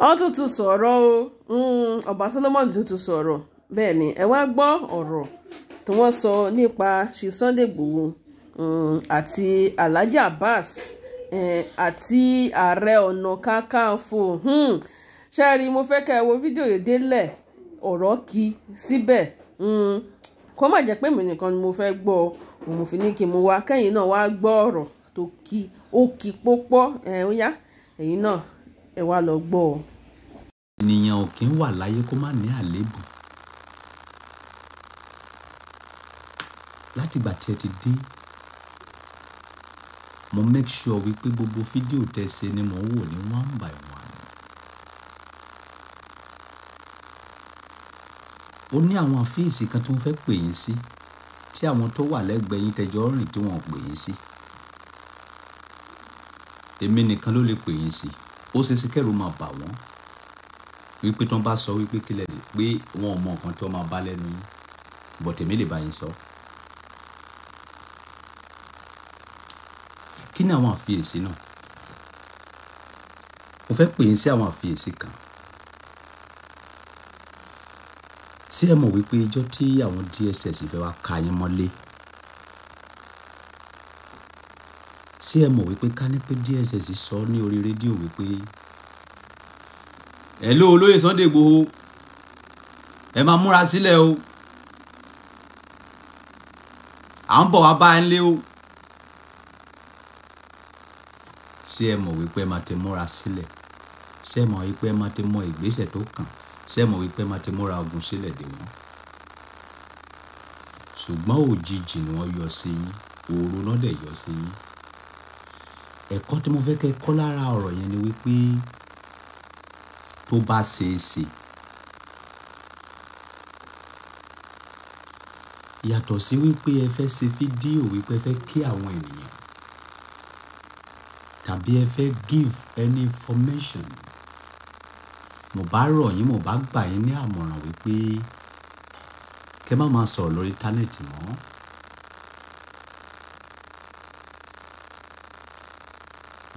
ó tún tún sọ̀rọ̀ o hmm, ọba Solomon tún tún sọ̀rọ̀ bẹ́ẹ̀ ni ẹ wá gbọ́ ọ̀rọ̀ tí wọ́n sọ nípa ṣì Sunday Igboho hmm, àti Alhaji Abbas eh, àti ààrẹ ọ̀nà kakanfò hmm, ṣẹ́ẹ̀rí mo fẹ́ kẹ́ ẹ wo fídíò yìí délẹ̀ ọ̀rọ̀ kí síbẹ̀ kó má jẹ́ pé mi nìkan ni mo fẹ́ gbọ́ òun fi ní kí n mú wá kẹ́yìn náà wá gbọ́ ọ̀rọ̀ tó kí ó kí pópọ́ eh, ẹ̀yìn náà ẹ wá lọ gbọ́ ọ. ènìyàn ò kí ń wà láyé kó má ní àléébù látìgbà tí ẹ ti dé mo make sure wípé gbogbo fídíò tẹ ṣe ni mo ń wò ní one by one. ó ní àwọn àfíìsì kan tó ń fẹ́ pè yín sí tí àwọn tó wà lẹ́gbẹ̀ẹ́ yín tẹjọ́ rìn tí wọ́n pè yín sí èmi nìkan ló lè pè yín sí. Si ó ṣe é ṣe kẹ́rù máa bà wọ́n wípé tí wọ́n bá sọ wípé kílẹ̀ lè pé wọn ò mọ nǹkan tí wọ́n máa bá lẹ́nu yín bọ̀ tèmi lè bá yín sọ. kí ni àwọn àfiyèsí náà mo fẹ́ pè yín sí àwọn àfiyèsí kan ṣé ẹ mọ̀ wípé ijọ́ tí àwọn DSS fẹ́ wá ka yín mọ́lé ṣé ẹ mọ̀ wípé ká ní pé DSS sọ ní orí rédíò wípé ẹ ló olóyè Sunday Igboho ẹ máa múra sílẹ̀ o à ń bọ̀ wá bá ẹ lé o ṣé ẹ mọ̀ wípé ẹ máa ti múra sílẹ̀ ṣé ẹ mọ̀ wípé ẹ máa ti mọ ìgbésẹ̀ tó kàn ṣé ẹ mọ̀ wípé ẹ máa ti múra ogun sílẹ̀ dè wọ́n ṣùgbọ́n òjijì ni wọ́n yọ sí yín òru náà dẹ̀ yọ sí yín ẹ̀kọ́ tí mo fẹ́ kẹ́ kọ́ lára ọ̀rọ̀ yẹn ni wípé tó bá ṣeé ṣe yàtọ̀ sí wípé ẹ fẹ́ ṣe fídíò wípé ẹ fẹ́ kí àwọn ènìyàn tàbí ẹ fẹ́ give any information mo bá rọ̀ yín mo bá gbà yín ní àmọ̀ràn wípé kẹ́ má máa sọ̀rọ̀ lórí íńtánẹ́ẹ̀tì mọ́.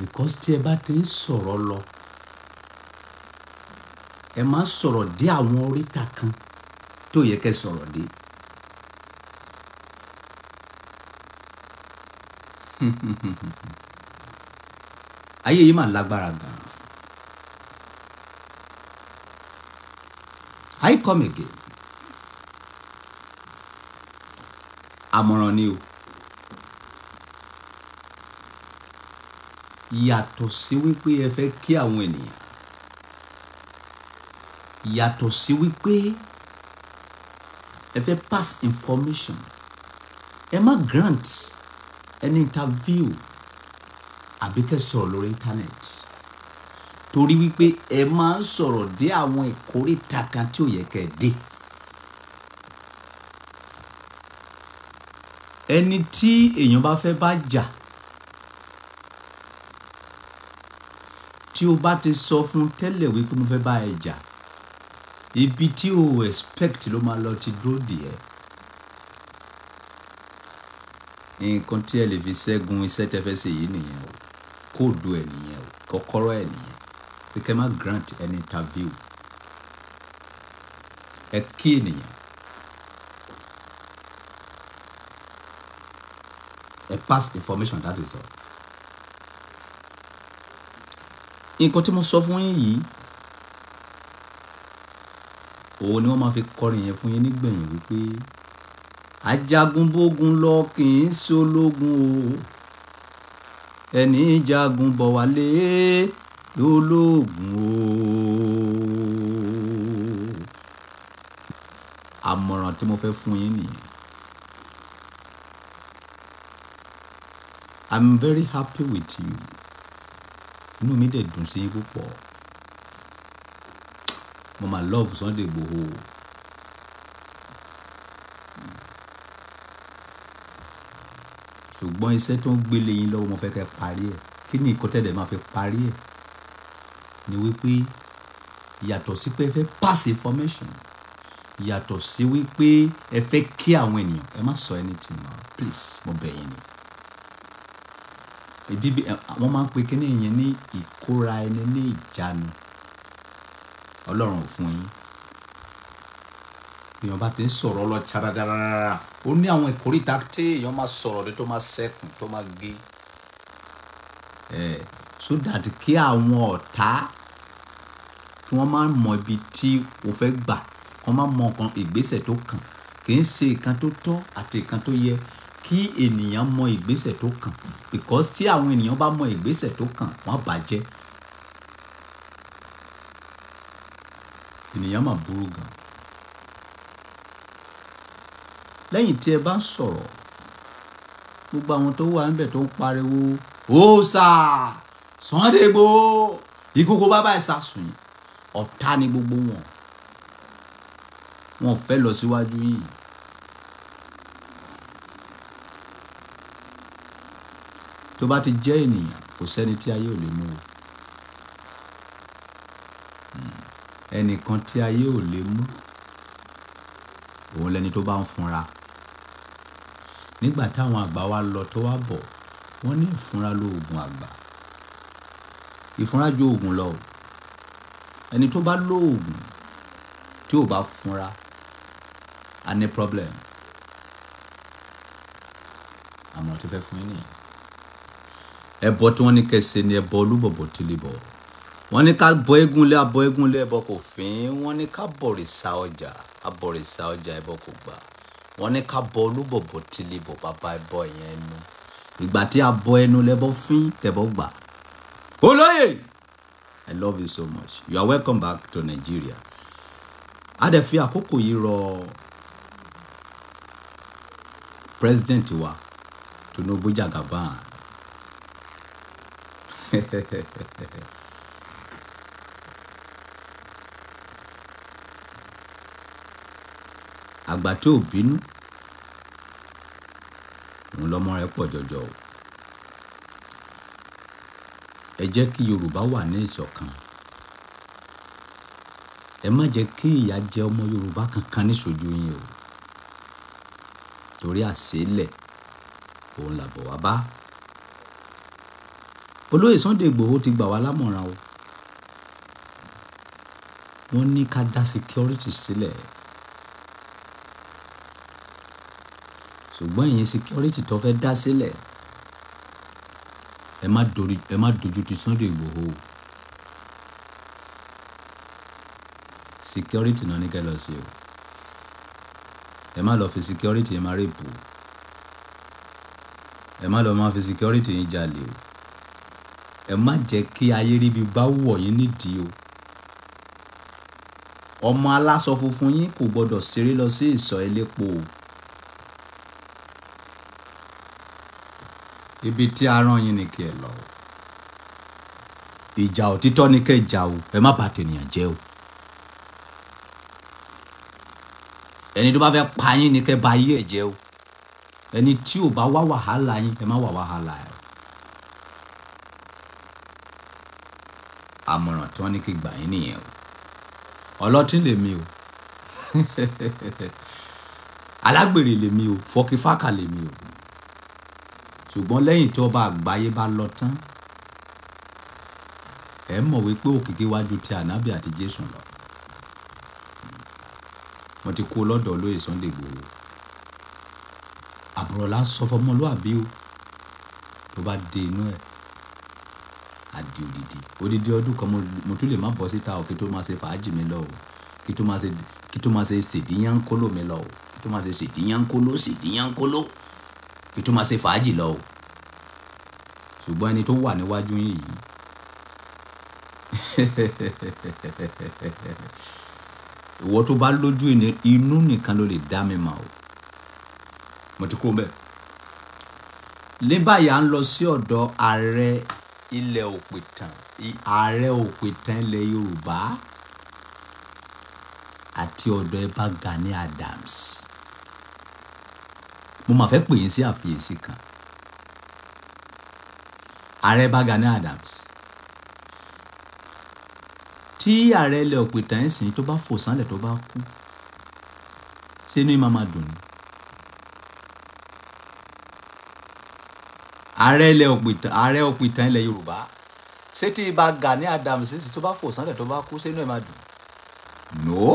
because tí ẹ bá ti ń sọ̀rọ̀ lọ ẹ máa sọ̀rọ̀ dé àwọn oríta kan tó yẹ kẹ́ sọ̀rọ̀ dé. ayé yìí mà lágbára gan. I come again. àmọ̀ràn ni o. yàtọ̀ sí wípé ẹ fẹ́ kí àwọn ènìyàn yàtọ̀ sí wípé ẹ fẹ́ pass information ẹ má grant ẹni interview àbí kẹ́ sọ̀rọ̀ lórí internet torí wípé ẹ máa ń sọ̀rọ̀ dé àwọn ìkórìtà kan tí ò yẹ kẹ́ ẹ dé. ẹni tí èèyàn bá fẹ́ bá jà. Ja tí o bá ti sọ fún tẹ́lẹ̀ wípé mo fẹ́ bá ẹ jà ibi tí o expect ló máa lọ ti dúró dìé nǹkan tí ẹ lè fi ṣẹ́gun iṣẹ́ tẹ́ fẹ́ ṣe yìí nìyẹn o kóòdù ẹ nìyẹn o kọ́kọ́rọ́ ẹ nìyẹn pé kẹ́ má grant an interview ẹ kí ènìyàn A past information that is all. nǹkan tí mo sọ fún yín yìí òun ni wọ́n máa fi kọrin yẹn fún yín nígbẹ̀yìn wípé ajagunbógun lọ kì í ṣológun o ẹni jagun bọ̀ wálé lólógun o àmọ̀ràn tí mo fẹ́ fún yín nìyẹn I'm very happy with you inú mi dẹ̀ dùn sí i púpọ̀ mo máa love Sunday Igboho ṣùgbọ́n iṣẹ́ tó ń gbélé yín lọ́wọ́ mo fẹ́ kẹ́ parí ẹ̀ kí ni nǹkan tẹ̀lé máa fi parí ẹ̀ ni wípé yàtọ̀ sí pé ẹ fẹ́ pass information yàtọ̀ sí wípé ẹ fẹ́ kí àwọn ènìyàn ẹ má sọ anything now please mo bẹ̀ yín ni bíbí wọ́n máa ń pe kíní yẹn ní ìkóra ẹni ní ìjánu ọlọ́run ò fún yín èèyàn bá ti ń sọ̀rọ̀ lọ tsaradàrà ó ní àwọn ìkórìtà tí èèyàn máa sọ̀rọ̀ dé tó máa sẹ́kùn tó máa gé ẹ̀ so that kí àwọn ọ̀tá kí wọ́n máa mọ ibi tí o fẹ́ gbà kí wọ́n máa mọ nǹkan ìgbésẹ̀ tó kàn kì í ṣe nǹkan tó tọ́ àti nǹkan tó yẹ kí ènìyàn mọ ìgbésẹ̀ tó kàn because tí àwọn ènìyàn bá mọ ìgbésẹ̀ tó kàn wọ́n bàjẹ́ ènìyàn mà burú gan lẹ́yìn tí ẹ bá ń sọ̀rọ̀ gbogbo àwọn tó wà níbẹ̀ tó ń pariwo òòsà Sunday Igboho ìkókó bàbá ẹ̀ sàsùn ọ̀tá ni gbogbo wọn wọn fẹ́ lọ síwájú yìí. tó bá ti jẹ́ ènìyàn kò sẹ́ni tí ayé ò lè mú o hmm. ẹnìkan tí ayé ò lè mú òun lẹni tó bá ń funra nígbà táwọn àgbà wa lọ tó wá bọ̀ wọ́n ní ìfunra lóògùn àgbà ìfunra ju oògùn lọ ẹni tó bá lóògùn tí ò bá funra a ní problem àmọ́ tó fẹ́ fún yín nìyẹn ẹbọ tí wọ́n ní kẹsẹ ni ẹbọ olúbọ̀bọ̀ tí lè ní ká bọ eégúnlé abọ eégúnlé ẹbọ kò fín wọ́n ní ká bọ̀rìṣà ọjà abọ̀rìṣà ọjà ẹbọ kò gbà wọ́n ní ká bọ olúbọ̀bọ̀ tí bàbá ẹbọ yẹn ẹnu ìgbà tí abọ ẹnu lẹbọ fín tẹbọ gbà olóyè i love you so much you are welcome back to Nigeria a dẹ̀ àkókò yìí rọ president wa Tinubu Jagaban àgbà tí ò bínú òun lọmọ rẹ pọ̀ jọjọ o ẹ jẹ́ kí Yorùbá wà ní ìṣọ̀kan ẹ má jẹ́ kí ìyà jẹ ọmọ Yorùbá kankan níṣojú yín o torí àṣélẹ̀ òun làbọ̀ wá bá olóyè Sunday Igboho ti gbà wá lámọ̀ràn o wọ́n ní ká dá security sílẹ̀ ṣùgbọ́n ìyẹn security tó fẹ́ dá sílẹ̀ ẹ má dorí ẹ má dojú ti Sunday Igboho security náà ní kẹ́ lọ sí o ẹ má lọ fi security yẹn má rèpù ẹ má lọ má fi security yẹn jalè o ẹ má jẹ́ kí ayé ríbi bá wọ̀ yín nídìí o ọmọ aláṣọ funfun yín kò gbọdọ̀ ṣeré lọ sí ìsọ̀ elépo o ibi tí a rán yín ni kí ẹ lọ ìjà òtítọ́ ni kẹ́ jà o ẹ má bà tènìyàn jẹ́ o ẹni tó bá fẹ́ pa yín ni kẹ́ bà ayé ẹ̀ jẹ́ o ẹni tí ò bá wá wàhálà yín ẹ má wá wàhálà ẹ̀. tí wọ́n ní kí gbà yín nìyẹn o ọlọ́tí lèmi o alágbèrè lèmi o fọkífákà lèmi o ṣùgbọ́n lẹ́yìn tí ọba àgbáyé bá lọ tán ẹ mọ̀ wípé òkìkí wájú ti ànábì àti jésù lọ mo ti kó lọ́dọ̀ olóyè Sunday Igboho àbúrò là fọmọlúàbí o tó bá dé inú ẹ̀ odidi odidi odidi ọdún kan mo tún lè má bọ́ síta o kí tó máa ṣe fàájì mi lọ o kí tó máa ṣe kí tó máa ṣe ṣèdíyànkóló mi lọ o kí tó máa ṣe ṣèdíyànkóló ṣèdíyànkóló kí tó máa ṣe fàájì lọ o ṣùgbọ́n ẹni tó wà níwájú yín yìí ìwọ tó bá lójú inú nìkan ló lè dá mi mọ̀ o mo ti kó bẹ́ẹ̀ ní báyìí à ń lọ sí ọ̀dọ̀ ààrẹ ilẹ̀ òpìtàn ààrẹ òpìtàn ilẹ̀ yorùbá àti ọ̀dọ̀ ẹbá Gani Adams mo máa fẹ́ pè yín sí àfiyèsí kan ààrẹ ẹbá Gani Adams tí ààrẹ ilẹ̀ òpìtàn ẹ̀sìn tó bá fò sánlẹ̀ tó bá kú sínú ìmàmà dùn ni. ààrẹ ilẹ̀ ààrẹ òpìtàn ilẹ̀ yorùbá ṣé tí ibà Gani Adams sì tó bá fò sánlẹ̀ tó bá kú sínú ẹ̀ máa dùn no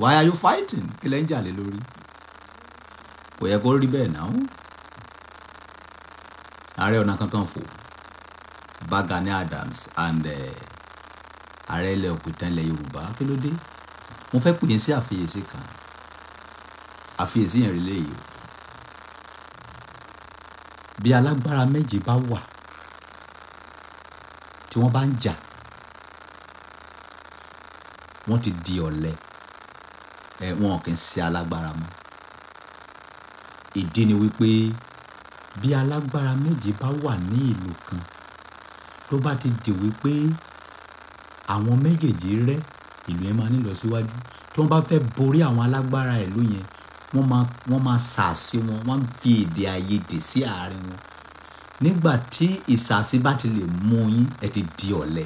why are you fighting kí lẹ́ ń jà lé lórí kò yẹ kó rí bẹ́ẹ̀ náà ààrẹ ọ̀nà kakanfò bá Gani Adams and eh, ààrẹ ilẹ̀ òpìtàn ilẹ̀ yorùbá kí ló dé mo fẹ́ pè é sí àfiyèsí kan àfiyèsí yẹn rí léyìí bí alágbára méjì bá wà tí wọ́n bá ń jà wọ́n ti di ọ̀lẹ ẹ wọn kì í ṣe alágbára mọ́ ìdí ni wípé bí alágbára méjì bá wà ní ìlú kan tó bá ti di wípé àwọn méjèèjì rẹ́ ìlú yẹn máa ń lọ síwájú tí wọ́n bá fẹ́ borí àwọn alágbára ìlú yẹn wọ́n máa wọ́n máa sàásí wọn wọ́n fi èdè àìyedè sí àárín wọn nígbà tí ìsàásí bá ti lè mú yín ẹ ti di ọ̀lẹ.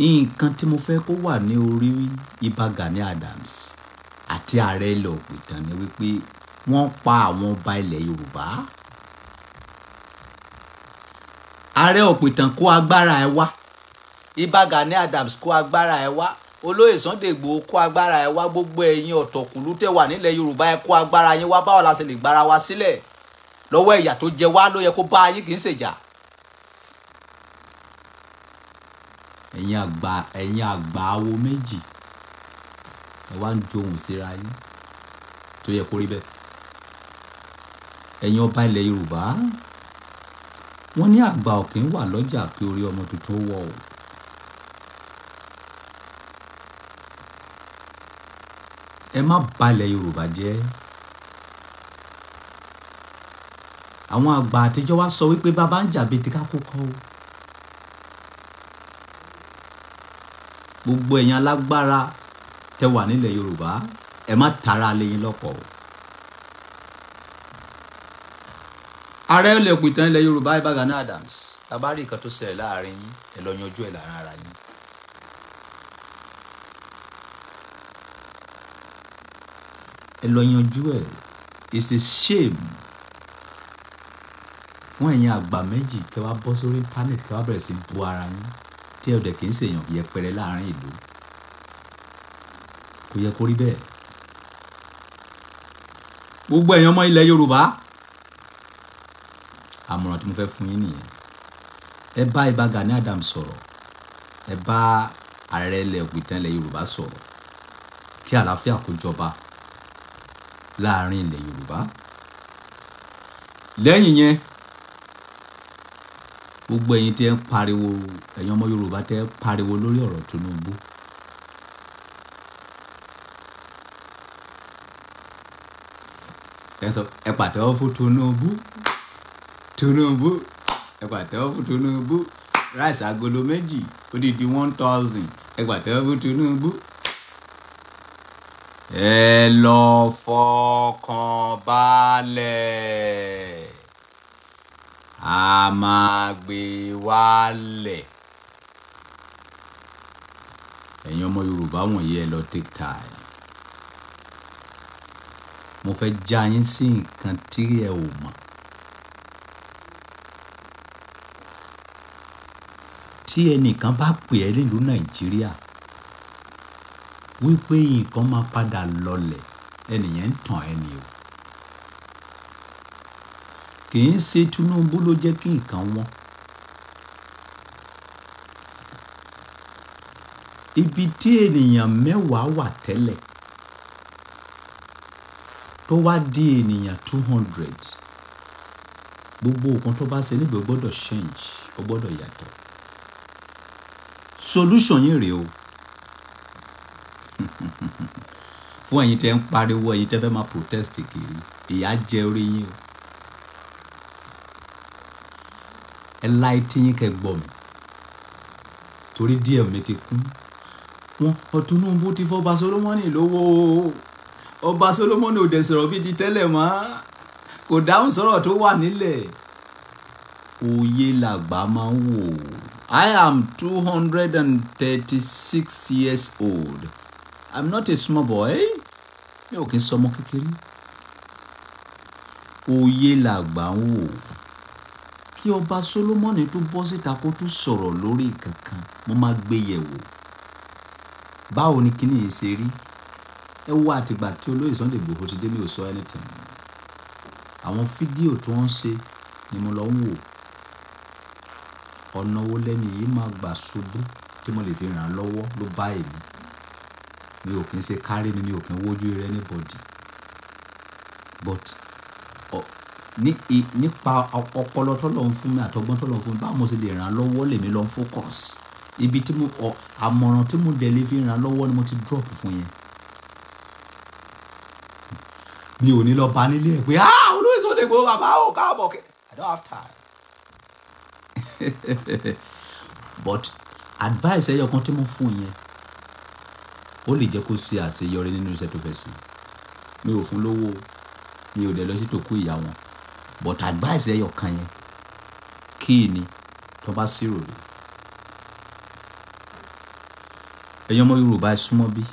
nǹkan tí mo fẹ́ kó wà ní orí Ìbà Gani Adams àti ààrẹ ilẹ̀ òpìtàn ni wípé wọ́n pa àwọn ọba ilẹ̀ Yorùbá ààrẹ òpìtàn kó agbára ẹ wá Ìbà Gani Adams kó agbára ẹ wá olóyè Sunday Igboho kó agbára ẹ wá gbogbo ẹ̀yin ọ̀tọ̀kùlú tẹ wà nílẹ̀ yorùbá ẹ kó agbára yín wá báwo la ṣe lè gbára wa sílẹ̀ lọ́wọ́ ìyà tó jẹ wá ló yẹ kó bá yín kì í ṣèjà. ẹ̀yin àgbà ẹ̀yin àgbà awo méjì ẹ wá ń johùn síra yín tó yẹ kó rí bẹ́ẹ̀ ẹ̀yin ọba ilẹ̀ yorùbá wọ́n ní àgbà ọ̀kìn wà lọ́jà kí orí ọmọ tuntun wọ̀ ọ́. ẹ má bà ilẹ̀ Yorùbá jẹ́ àwọn àgbà àtijọ́ wa sọ wípé bàbá ń jà bìtì ká kó kọ́ o gbogbo ẹ̀yin alágbára tẹ wà nílẹ̀ Yorùbá ẹ má tara lẹ́yìn lọ́pọ̀ ààrẹ olè òpìtàn ilẹ̀ Yorùbá Ìbà Gani Adams tàbá rí nǹkan tó ṣẹlẹ̀ láàrin yín ẹ lọ ẹ̀ láàrin yín. ẹ lọ yanjú ẹ̀ it's a shame fún ẹ̀yin àgbà méjì kẹ́ wá bọ́ sórí internet kẹ́ wá bẹ̀rẹ̀ sí bu ara yín tí ẹ dẹ̀ kì í ṣèyàn yẹpẹrẹ láàrin ìlú kò yẹ kó rí bẹ́ẹ̀ gbogbo ẹ̀yin ọmọ ilẹ̀ Yorùbá àmọ̀ràn tí mo fẹ́ fún yín nìyẹn ẹ bá Ìbà Gani adam sọ̀rọ̀ ẹ bá ààrẹ ilẹ̀ ògbìtàn ilẹ̀ Yorùbá sọ̀rọ̀ kí àlàáfíà kó jọba láàrin ilẹ̀ Yorùbá lẹ́yìn yẹn gbogbo ẹ̀yin tẹ́ ń pariwo ẹ̀yin ọmọ Yorùbá tẹ́ ń pariwo lórí ọ̀rọ̀ Tinubu ẹ sọ ẹ pàtẹ́wọ́ fún Tinubu Tinubu ẹ pàtẹ́wọ́ fún Tinubu ráìsì agolo méjì ó di di one thousand ẹ pàtẹ́wọ́ fún Tinubu ẹ lọ́ọ́ fọkàn balẹ̀ a máa gbé wálẹ̀ ẹ̀yin ọmọ yorùbá wọ̀nyí ẹ lọ take time mo fẹ́ já yín sí nǹkan tí ẹ ò mọ̀ tí ẹnìkan bá pè ẹ́ nílùú nàìjíríà wípé nǹkan máa padà lọlẹ̀ ẹnìyẹn ń tàn ẹni o kì í ṣe Tinubu ló jẹ́ kí nǹkan wọ́n ibi tí ènìyàn mẹ́wàá wà tẹ́lẹ̀ tó wá di ènìyàn two hundred gbogbo nǹkan tó bá ṣe nígbà gbọ́dọ̀ change ó gbọ́dọ̀ yàtọ̀ solution yìí rèé o fún ẹ̀yin tẹ́ ń pariwo ẹ̀yin tẹ́ fẹ́ máa protest kiri ìyà jẹ orí yín o ẹ la etí yín kẹ́ gbọ́ mi torí díẹ̀ mi ti kún wọn ọ̀túnúbù ti fọ́ ọba solomoni lówó ọba solomoni ò dẹ̀ sọ̀rọ̀ bíi ti tẹ́lẹ̀ mọ́ kò dáhùn sọ̀rọ̀ tó wà nílẹ̀ òye làgbà máa ń wò I am two hundred and thirty six years old i'm not a small boy mi ò kí ń sọmọ kékeré oyè làgbà ń wò kí ọba solomoni tó bọ́ síta kó tún sọ̀rọ̀ lórí kankan mo máa gbé yẹ̀ wò báwo ni kíní yìí ṣe rí ẹ wo àtìgbà tí olóyè Sunday Igboho ti dé mi ò sọ anything àwọn fídíò tí wọ́n ń ṣe ni mo lọ ń wò ọ̀nà wo lẹ́nu yìí máa gbà ṣubú tí mo lè fi ràn án lọ́wọ́ ló bá èmi mi ò kí ń ṣe kárí mi mi ò kí ń wojú rẹ anybody but nípa ọpọlọ tọ́lọ́ ń fún mi àtọgbọ́n tọ́lọ́ ń fún mi báwo mo ṣe lè ràn án lọ́wọ́ lèmi lọ́n focus ibi tí mo ọ àmọ̀ràn tí mo dẹ̀ lè fi ràn án lọ́wọ́ ni mo ti drop fún yẹn mi ò ní lọ bá nílé ẹ̀ pé ah olóyè sọ́dẹ̀ gbogbo bàbá ò káàbọ̀ kẹ́ I don't have time but advice ẹyọ kan tí mo fún yẹn ó lè jẹ́ kó ṣe àṣeyọrí nínú iṣẹ́ tó fẹ́ sí mi ò fún lówó mi ò dẹ̀ lọ sí tòkú ìyá wọn but advice ẹyọ kan yẹn kí ni tó bá ṣèrò rẹ̀ ẹ̀yin ọmọ Yorùbá ẹ súnmọ́ bí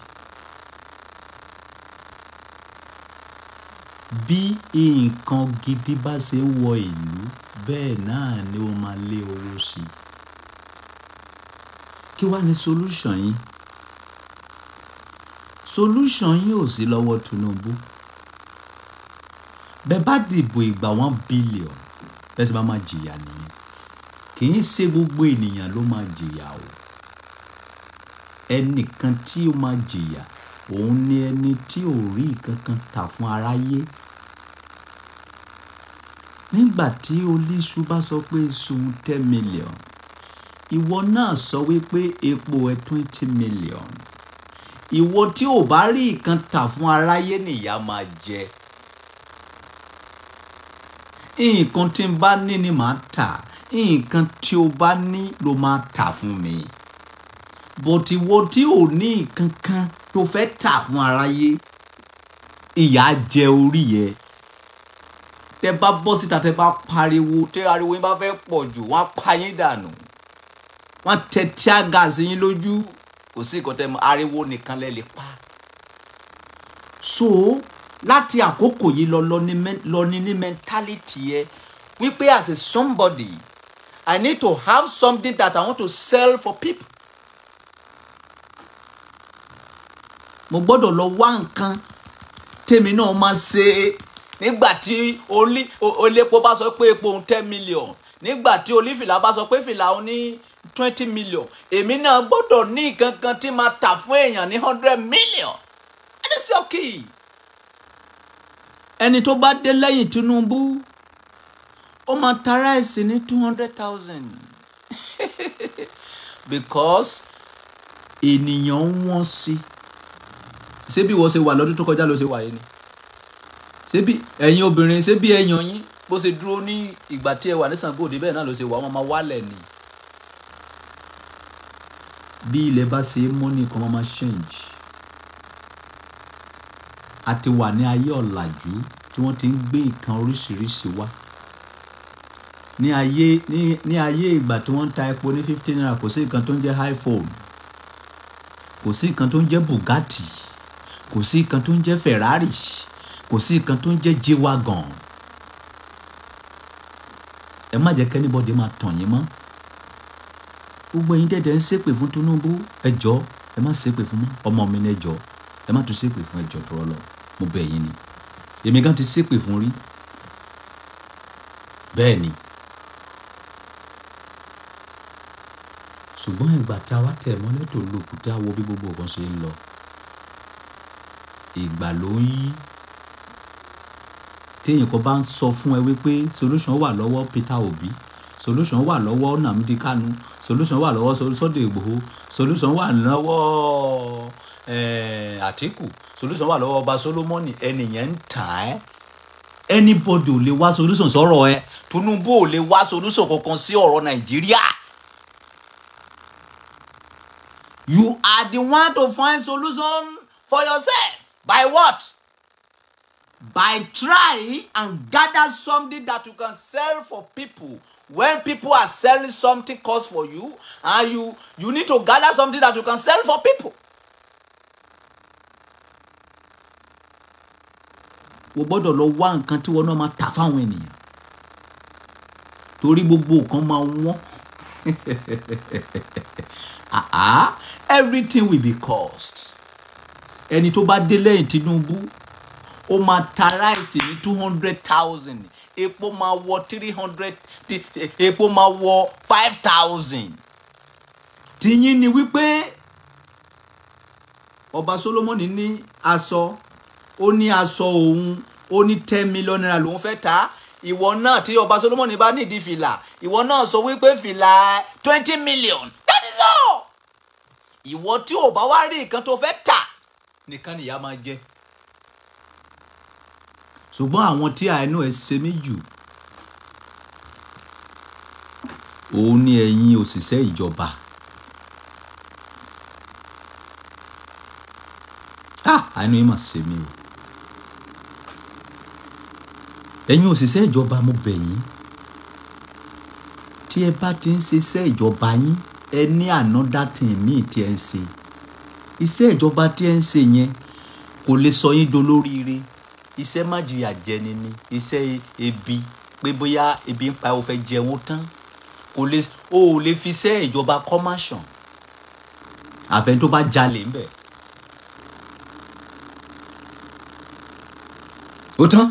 bí nǹkan gidi bá ṣe ń wọ ìlú bẹ́ẹ̀ náà ni ó máa lé owó sí i kí wàá ní solution yìí solution yín ò sí lọ́wọ́ Tinubu bẹ́ẹ̀ bá dìbò ìgbà one billion bẹ́ẹ̀ sì bá máa jìyà nìyẹn kì í ṣe gbogbo ènìyàn ló máa jìyà o ẹnìkan tí ó máa jìyà òun ni ẹni tí ò rí kankan tà fún aráyé nígbà tí olíṣu bá sọ pé sun ten million ìwọ náà sọ wípé epo ẹ twenty million ìwọ tí ò bá rí nǹkan tà fún aráyé nìyá máa jẹ nǹkan tí n bá ní ni màá tà nǹkan tí o bá ní ló máa tà fún mi bọ̀tì wo tí ò ní nǹkan kan tó fẹ́ tà fún aráyé ìyà jẹ orí yẹ tẹ bá bọ́ síta tẹ bá pariwo tẹ ariwo yín bá fẹ́ pọ̀ jù wọ́n á pa yín dànù wọ́n á tẹ tíágà sí yín lójú kò sí nǹkan tẹ́ ariwo nìkan lẹ lè pa so láti àkókò yìí lọ lọ ní ní mentality yẹ wípé as a somebody I need to have something that I want to sell for people. mo gbọ́dọ̀ lọ wá nǹkan tèmi náà máa ṣe nígbà tí olépo bá sọ pé epo òun ten million nígbà tí onífìlà bá sọ pé fìlà òun ní twenty million èmi náà gbọ́dọ̀ ní nǹkan kan tí máa tà fún èèyàn ní hundred million ẹni sí òkè ẹni tó bá dé lẹ́yìn Tinubu ó máa tara ẹ̀sìn ní two hundred thousand because ènìyàn ń wọ́n sí ṣé bí wọ́n ṣe wà lọ́dún tó kọjá ló ṣe wà yìí ni ṣé bí ẹ̀yin obìnrin ṣé bí ẹ̀yàn yín bó ṣe dúró ní ìgbà tí ẹ wà ní Ṣàngó Òde bẹ́ẹ̀ náà ló ṣe wà wọ́n máa wálẹ̀ ni. bí ilẹ̀ bá ṣe é mú nìkan wọ́n máa change a ti wà ní ayé ọ̀làjú tí wọ́n ti ń gbé nǹkan oríṣiríṣi wá ní ayé ní ní ayé ìgbà tí wọ́n ń ta epo ní fifteen naira kò sí nǹkan tó ń jẹ́ iPhone kò sí nǹkan tó ń jẹ́ Bugatti kò sí nǹkan tó ń jẹ́ Ferrari kò sí nǹkan tó ń jẹ́ g ẹ má jẹ́ kẹ́nìbọ̀dé máa tàn yín mọ́ gbogbo ẹ̀yin dẹ̀dẹ̀ ń ṣépè fún Tinubu ẹ jọ ẹ má ṣépè fún mọ́ ọmọ mi ní ẹ jọ ẹ má tún ṣépè fún ẹ jọ tó rọ lọ mo bẹ̀ yín ni èmi gan ti ṣépè fún rí bẹ́ẹ̀ ni ṣùgbọ́n ìgbà tá a wá tẹ̀ mọ́lẹ̀ tó lòkùtà wo bí gbogbo ọ̀kan ṣe ń lọ ìgbà ló ń yí téèyàn kan bá ń sọ fún ẹ wípé solution wà lọ́wọ́ Peter Obi solution wà lọ́wọ́ Nnamdi Kanu solution wà lọ́wọ́ Sunday Igboho solution wà lọ́wọ́ Àtíkù eh, solution wà lọ́wọ́ Ọba Solomoni ẹnìyẹn ń tàn ẹ́ anybody ò lè wá solution sọ̀rọ̀ ẹ Tinubu ò lè wá solution kankan sí ọ̀rọ̀ Nàìjíríà. You are the one to find solution for yourself by what? by trying and gather something that you can sell for people when people are selling something cost for you and you you need to gather something that you can sell for people. o gbọ́dọ̀ lọ wá nǹkan tí wọn náà máa tà fáwọn ènìyàn torí gbogbo nǹkan máa wọ́n ah, ah. everything will be cost ẹni tó bá dé lẹ́yìn Tinubu O máa ta ráìsì ní two hundred thousand epo ma wọ three hundred epo ma wọ five thousand tìyín ni wípé ọba Solomoni ní aṣọ ó ní aṣọ òun ó ní ten million naira lòun fẹ́ ta ìwọ náà tí ọba Solomoni bá nídìí fìlà ìwọ náà sọ wípé fìlà twenty million that is all ìwọ tí ò bá wá rí nǹkan tó fẹ́ tà nìkan nìyá máa jẹ ṣùgbọ́n àwọn tí àánú ẹ̀ ṣe mí jù òun ni ẹ̀yin òṣìṣẹ́ ìjọba. àánú yìí mà ṣe mí o ẹ̀yin òṣìṣẹ́ ìjọba mo bẹ̀ yín tí ẹ bá ti ń ṣiṣẹ́ ìjọba yín ẹ ní ànádá tìǹ míì tí ẹ ń ṣe iṣẹ́ ìjọba tí ẹ ń ṣe yẹn kò lè sọ yín dolóríire iṣẹ́ má jìyà jẹni ni iṣẹ́ ebi pé bóyá ebi ń pa o fẹ́ jẹun tán o lè o ò lè fi iṣẹ́ ìjọba kọ́ má ṣàn àfẹn tó bá jalè ńbẹ̀. ó tán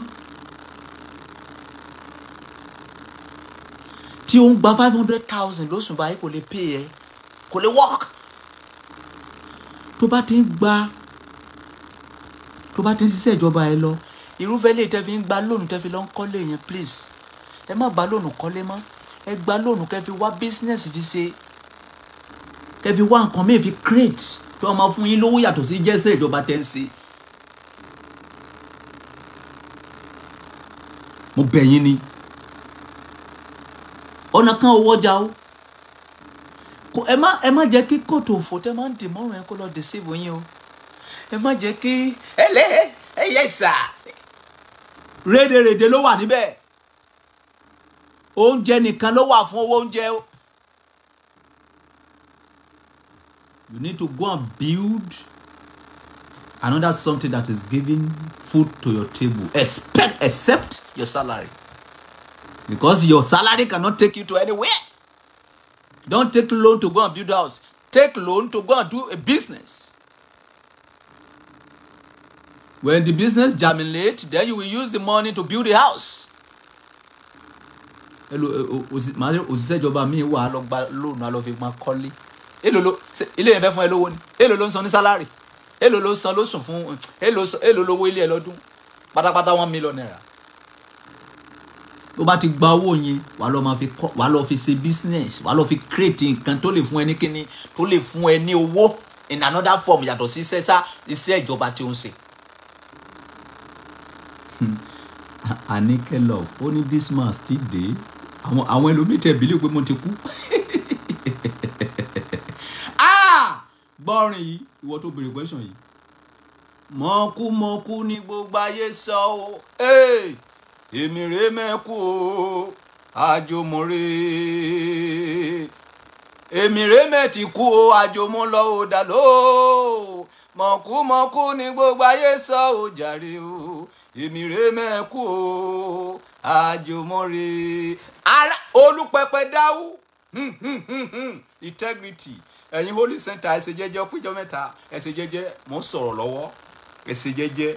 tí o ń gba five hundred thousand lóṣù báyìí kò lè pay ẹ kò lè work tó bá ti ń gba tó bá ti ń ṣiṣẹ́ ìjọba ẹ lọ irúfẹ́ lè tẹ́ fi ń gba lóònù tẹ́ fi lọ ń kọ́lé yẹn please ẹ má gba lóònù kọ́lé mọ́ ẹ gba lóònù kẹ́ fi wá business fi ṣe kẹ́ fi wá nǹkan mìíràn fi create tí wọ́n máa fún yín lówó yàtọ̀ sí jẹ́sẹ̀ ìjọba tẹ́ ń ṣe. mo bẹ̀ yín ni ọ̀nà kan owó ọjà o kò ẹ má ẹ má jẹ́ kí kòtò òfò tẹ́ máa ń dì mọ́rùn ẹ kó lọ dé síbò yín o ẹ má jẹ́ kí ẹ lé ẹ yẹ sà rédèrèdè ló wà níbẹ̀ oúnjẹ nìkan ló wà fún owó oúnjẹ o. You need to go and build another something that is giving food to your table expect except your salary because your salary cannot take you to anywhere don't take loan to go and build house take loan to go and do a business When the business germinate, then you will use the money to build a house. Èló òṣìṣẹ́ ìjọba mi wà lọ gba lóònù alọ́fẹ́gbọ́n kọ́lé. Èló ló ilé yẹn e fẹ́ e fún ẹ lówó ni. Èló ló ń san ní sálárì. Èló ló san lóṣù fún èló lówó ilé ẹ e lọ́dún. Pátápátá one million naira. Tó bá ti gba owó yẹn, wàá lọ máa fi kọ́ wàá lọ fi ṣe business wàá lọ fi create nǹkan tó lè fún ẹ ní kíni tó lè fún ẹ ní owó in another form yàtọ̀ sí sẹ́sà iṣẹ́ ìjọba tí ó ń ṣe. Hmm. Anike love ó ní this man still dey àwọn àwọn ẹlòmíì tẹ̀ bílẹ̀ pé mo ti kú ah! gbọ́rin yìí ìwọ tó béèrè question yìí mọ̀kúmọ̀kú ni gbogbo ayé sọ o èmi rè mẹ́kù o àjòmọ̀rè èmi rè mẹ́tì kú o àjòmọ̀ lọ o dà lóò mọ̀kúmọ̀kú ni gbogbo ayé sọ o jàre o èmi rè mẹ́kù o àjòmọ́re olùpẹpẹ dáwù hmm, hmm, hmm, integrity ẹ̀yin holy center ẹ̀sẹ̀ jẹ́jẹ́ péjọ mẹ́ta ẹ̀sẹ̀ jẹ́jẹ́ mò ń sọ̀rọ̀ lọ́wọ́ ẹ̀sẹ̀ jẹ́jẹ́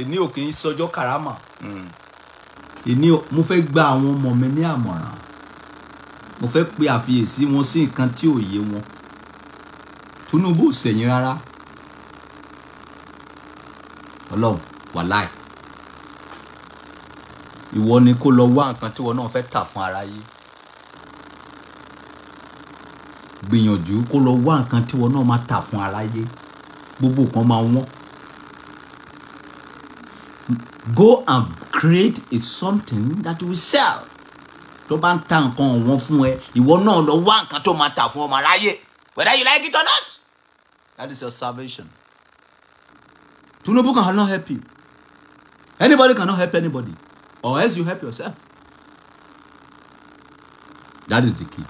èní òkè ń sọjọ́ karama èní mo fẹ́ gba àwọn ọmọ mi ní àmọ̀ràn mo fẹ́ pe àfiyèsí wọn sí nǹkan tí ò yé wọn Tinubu ò sẹ̀yìn rárá ọlọ́run wàláì ìwọ ni kó lọ wá nǹkan tí wọn náà fẹ́ tà fún aráyé gbìyànjú kó lọ wá nǹkan tí wọn náà máa tà fún aráyé gbogbo kan máa wọ́n go and create a something that will sell tó bá ń ta nǹkan ọ̀wọ́n fún ẹ ìwọ náà lọ wá nǹkan tó máa tà fún ọmọ aráyé whether you like it or not that is your salvation Tinubu can help you anybody cannot help anybody or else you help yourself. That is the key.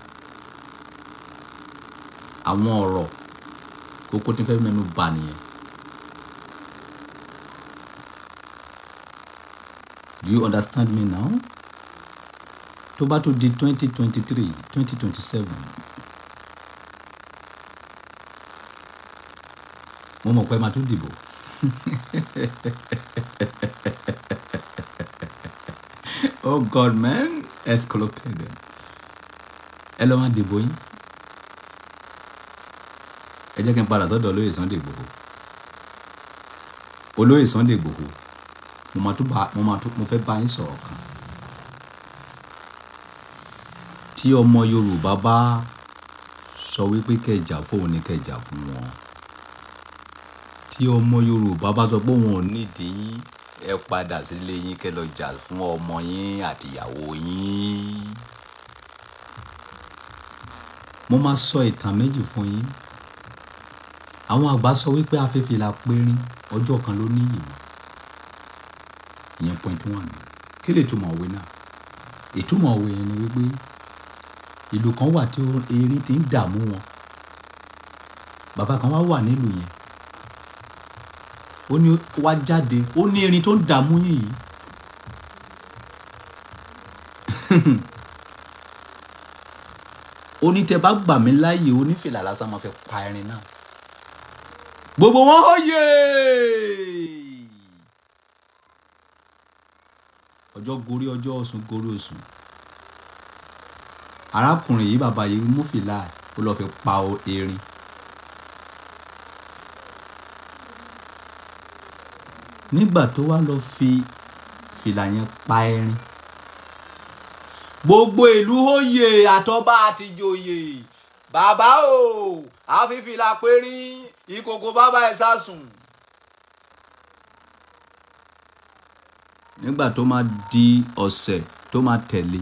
Àwọn ọ̀rọ̀ kókó tí fẹ́ mẹ́nu bà nìyẹn. Do you understand me now? Tó bá tó di twenty twenty three twenty twenty seven mo mọ̀ pé màá tún dìbò. Oh God, man. Escolopedia. Ẹlọ́wọ́n dìbò yín. Ẹ jẹ́ kí n padà sọ́dọ̀ olóyè Sunday Igboho. Olóyè Sunday Igboho. Mo máa tún bá mo máa tún mo fẹ́ bá yín sọ̀rọ̀ kan. Tí ọmọ Yorùbá bá sọ wípé kẹjà fóun ni kẹjà fún wọn. Tí ọmọ Yorùbá bá sọ pé wọn ò nídìí yín ẹ padà sílé yín kẹ́ lọ jà fún ọmọ yín àti ìyàwó yín. mo máa sọ ìtàn méjì fún yín àwọn àgbà sọ wípé afẹ́fẹ́ la pérín ọjọ́ kan ló ní ìmọ̀ ìyẹn point one kí lè túmọ̀ òwe náà ìtumọ̀ òwe yẹn ni wípé ìlú kan wà tí erin ti ń dààmú wọn bàbá kan wá wà nílùú yẹn ó ní wá jáde ó ní erin tó ń dààmú yín yìí ó ní tẹ bá gbà mí láàyè onífìlà lásán máa fẹ́ pa erin náà gbogbo wọn hóye ọjọ́ gorí ọjọ́ ọ̀sùn gorí ọ̀sùn arákùnrin yìí bàbá yìí mú fìlà ó lọ́ọ́ fi pa erin. nígbà tó wá lọ fi fìlà yẹn pa ẹrin gbogbo ìlú òye àtọba àtijọyè bàbá o àfífìlà pérín ìkòkò bàbá ẹ sásùn. nígbà tó máa di ọ̀sẹ̀ tó máa tẹ̀lé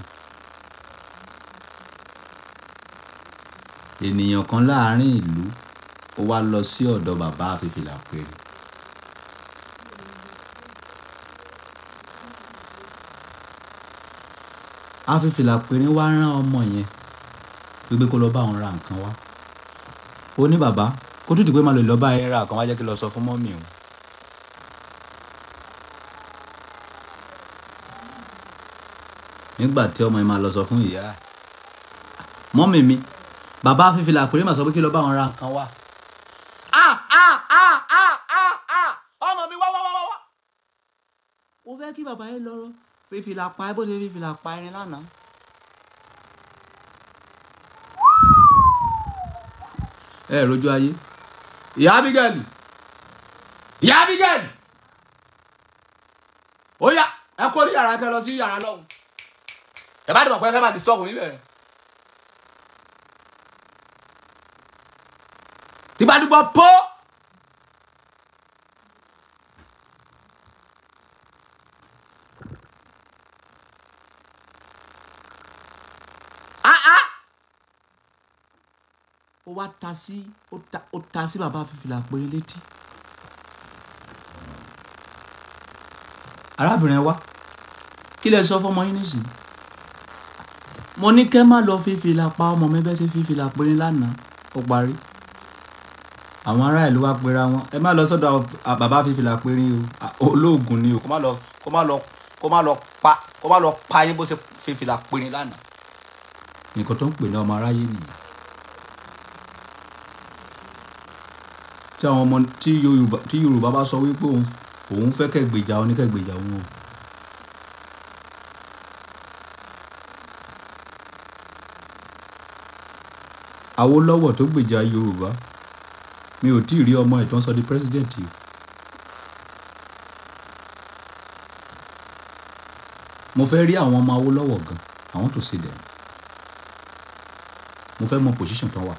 ènìyàn kan láàrin ìlú ó wá lọ sí ọ̀dọ̀ bàbá àfífìlà pérín. á fi fìlà péńpé wá rán ọmọ yẹn gbégbé kó lọ bá òun ra nǹkan wá ó ní bàbá kó tó di pé máa lè lọ bá ẹ ra nǹkan wá jẹ́ kí lọ sọ fún mọ́mì òun. nígbà tí ọmọ yẹn máa lọ sọ fún ìyá mọ́mì mi bàbá á fi fìlà péńpé máa sọ pé kí lọ bá òun ra nǹkan wá. fífìlà pa ẹ bó ṣe fífìlà pa ẹni lánàá. ẹ rojú ayé ìyá Abigail ìyá Abigail ó yá ẹ kó ní yàrá kẹ lọ sí yàrá lọ́hùn ẹ bá dìbò pé ẹ má ti stọọkù níbẹ̀. ìbádùgbò pọ́ọ́. ó wá ta sí ó ta ó ta sí bàbá fìfìlà péré létí. arábìnrin wa kí lẹ sọ fọmọ yín nísìnyí mo ní kẹ́ má lọ fìfìlà pa ọmọ mi bẹ́ẹ̀ ṣe fìfìlà péré lánàá ó parí àwọn ará ìlú wa pera wọn ẹ má lọ sọ́dọ̀ bàbá fìfìlà péré o olóògùn ni o kó má lọ kó má lọ kó má lọ pa kó má lọ pa yín bó ṣe fìfìlà péré lánàá nǹkan tó ń pè ní ọmọ aráyé nìyẹn. tí àwọn ọmọ tí yorùbá tí yorùbá bá sọ wípé òun òun fẹ́ kẹ́gbèjà oníkẹ́gbèjà òun o. Awólọ́wọ̀ tó gbèjà yorùbá mi ò tí ì rí ọmọ ìtàn sọ di president yìí. mo fẹ́ rí àwọn ọmọ Awólọ́wọ̀ gan àwọn tó ṣe dẹ̀ mo fẹ́ mọ position tán wà.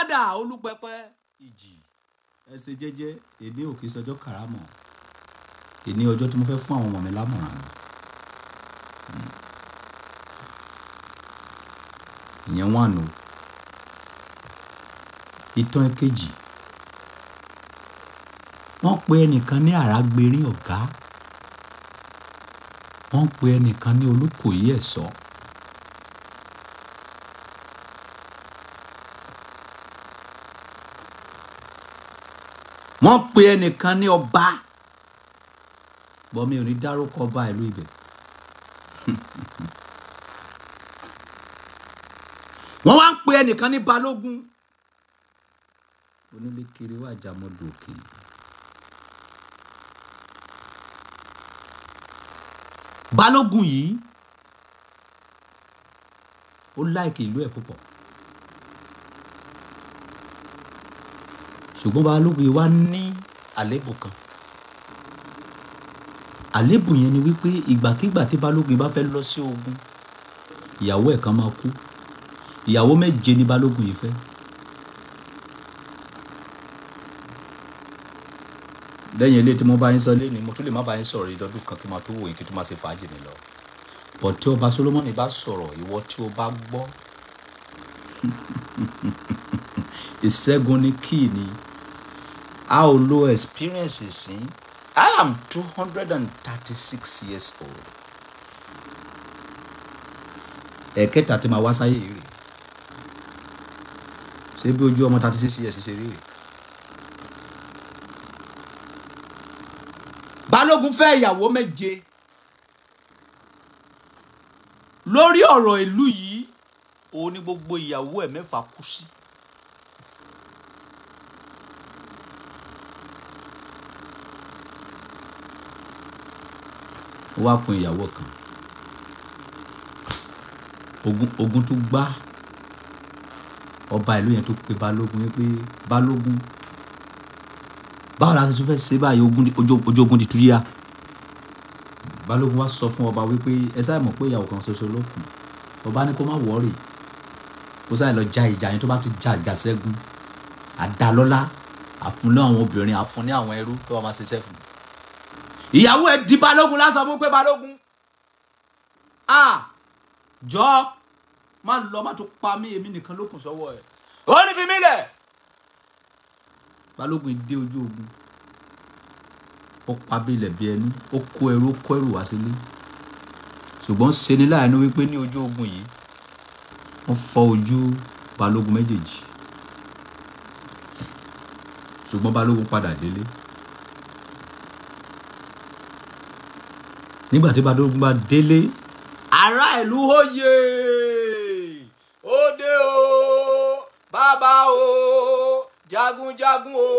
padà olúpẹpẹ ìjì ẹ ṣe jẹ́jẹ́ èmi ò kì í sọjọ́ karamọ̀ èmi ọjọ́ tí mo fẹ́ fún àwọn ọmọ mi lámọ̀ràn hmm. ìyẹn wà nù ìtàn èkejì wọ́n pe ẹnìkan ní àràgbérín ọ̀gá wọ́n pe ẹnìkan ní olùkòyí ẹ̀ṣọ́ wọ́n pe ẹnìkan ní ọba bọ́mi ò ní dárúkọ ọba ìlú ibẹ̀ wọ́n wá ń pe ẹnìkan ní balógun onílé kiri wà jàmọ́dù òkè balógun yìí ó láìkì ìlú ẹ̀ púpọ̀. ṣùgbọ́n Balógun yìí wá ní àlébù kan àlébù yẹn ni wípé ìgbàkigbà tí Balógun yìí bá fẹ́ lọ sí ogun ìyàwó ẹ̀ kan máa kú ìyàwó méje ni Balógun yìí fẹ́ lẹ́yìn ilé tí mo bá yín sọ lẹ́yìn mo tún lè má bá yín sọ̀rọ̀ ìdọ́dún kan kí n máa tó wò yín kí n tó máa ṣe fàájì mi lọ bọ̀ tí ọba Solomoni bá sọ̀rọ̀ ìwọ tí o bá gbọ́ ìṣẹ́gun ni kíì ni. How low lo experience sí i am two hundred and thirty six years old ẹ̀kẹta tí máa wá sáyé yìí rè ṣé bí ojú ọmọ thirty six years ṣe rí rè. balógun fẹ́ ìyàwó méje lórí ọ̀rọ̀ ìlú yìí òun ni gbogbo ìyàwó ẹ̀ mẹ́fà kú sí. Si ó wá kun ìyàwó kan ogun ogun tó gbá ọba ìlú yẹn tó pe balógun yẹn pé balógun báwo la tún fẹ́ ṣe báyìí ojú ogun di túyà balógun wá sọ fún ọba wípé ẹ sáà mọ̀ pé ìyàwó kan ṣoṣo ló kù ọba ní kó má wọ́ọ̀rì kó sáà lọ ja ìjà yẹn tó bá ti ja ìjà ṣẹ́gun àdálọ́lá àfun ní àwọn obìnrin àfun ní àwọn ẹrú tó bá máa ṣiṣẹ́ fún ìyàwó ẹ di balógun lásán fún pé balógun a jọ má lọ má tó pa mí èmi nìkan ló kùn sọ́wọ́ ẹ ó ní fi mí lẹ̀ balógun dé ojú ogun ó pa bílẹ̀ bí ẹni ó kó ẹrú ó kó ẹrú wá sílé ṣùgbọ́n ṣe ni láàánú wípé ní ojú ogun yìí wọ́n fọ́ ojú balógun méjèèjì ṣùgbọ́n balógun padà délé. nígbà tí Balógun bá délé ará ìlú hóye òde o bàbá o jagunjagun o.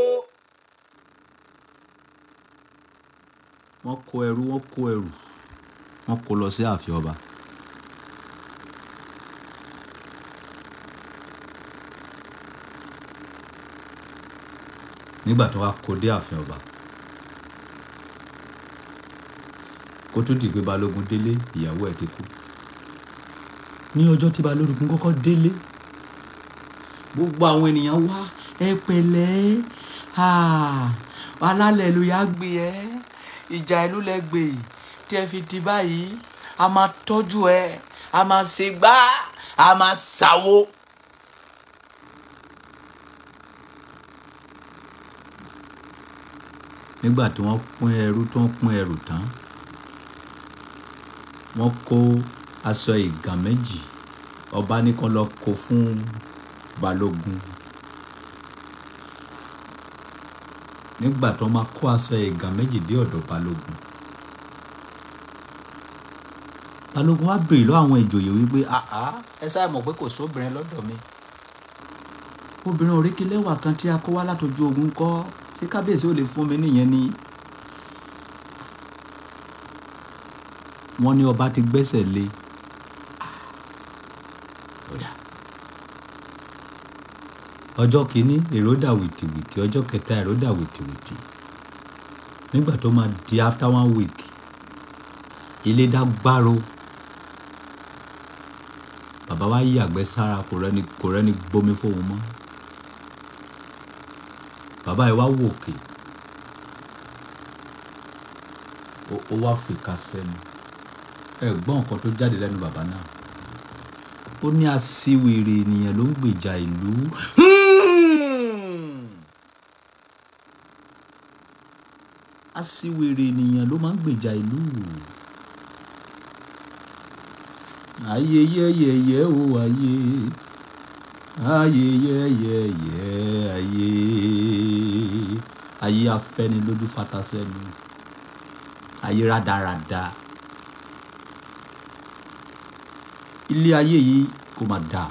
wọ́n kó ẹrú wọ́n kó ẹrù wọ́n kó lọ sí ààfin ọba. nígbà tó wá kó dé ààfin ọba. kó tó di pé balógun délé ìyàwó ẹ̀ ti kú ní ọjọ́ tí balógun kọ́kọ́ délé gbogbo àwọn ènìyàn wá ẹ pẹ̀lẹ́ alálẹ̀ ló yá gbé ẹ ìjà ìlú lẹ gbé tí ẹ fi di báyìí a máa tọ́jú ẹ a máa ṣe gbá a máa ṣàwo. nígbà tí wọ́n pín ẹrú tí wọ́n pín ẹrù tán wọ́n kó aṣọ ìgàn méjì ọba ní kán lọ́ọ́ kó fún balógun nígbà tó máa kó aṣọ ìgàn méjì dé ọ̀dọ̀ balógun balógun wá béèrè lọ́wọ́ àwọn ìjòyè wípé ẹ sáré mọ̀ pé kò sóbìnrin lọ́dọ̀ mi obìnrin òrékelẹ́wà kan tí a kó wá látọjú ogun kọ́ tí kábíyèsí ò lè fún mi nìyẹn ni. Yeni wọ́n ní ọba ti gbẹ́sẹ̀ lé ọjọ́ kìíní èrò dà wìtìwìtì ọjọ́ kẹta èrò dà wìtìwìtì nígbà tó máa di after one week ilé dá gbáro bàbá wa yàgbẹ́ sára kò rẹ́ni kò rẹ́ni gbomi fóun mọ́ bàbá yìí wá wòkè ó wá fìkà sẹ́nu ẹ gbọ́ nǹkan tó jáde lẹ́nu bàbá náà ó ní aṣiwèrè ènìyàn ló ń gbèjà ìlú. Hmm. aṣiwèrè ènìyàn ló máa ń gbèjà ìlú. ayé yẹ́yẹ́yẹ́ o ayé ayé yẹ́yẹ́yẹ́ ayé ayé afẹ́nilójú fatasẹ́nu ayé rádaràda. Rada ilé ayé yìí kò mà dáa.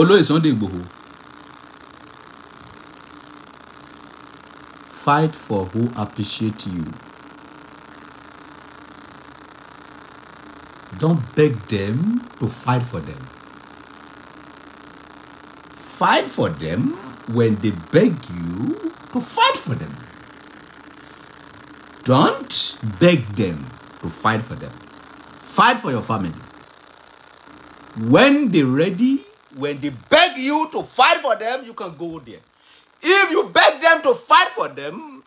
olóyè Sunday Igboho fight for who appreciate you don't beg them to fight for them fight for them when they beg you to fight for them. Don't beg them to fight for them. Fight for your family. When they're ready, when they beg you to fight for them, you can go there. If you beg them to fight for them,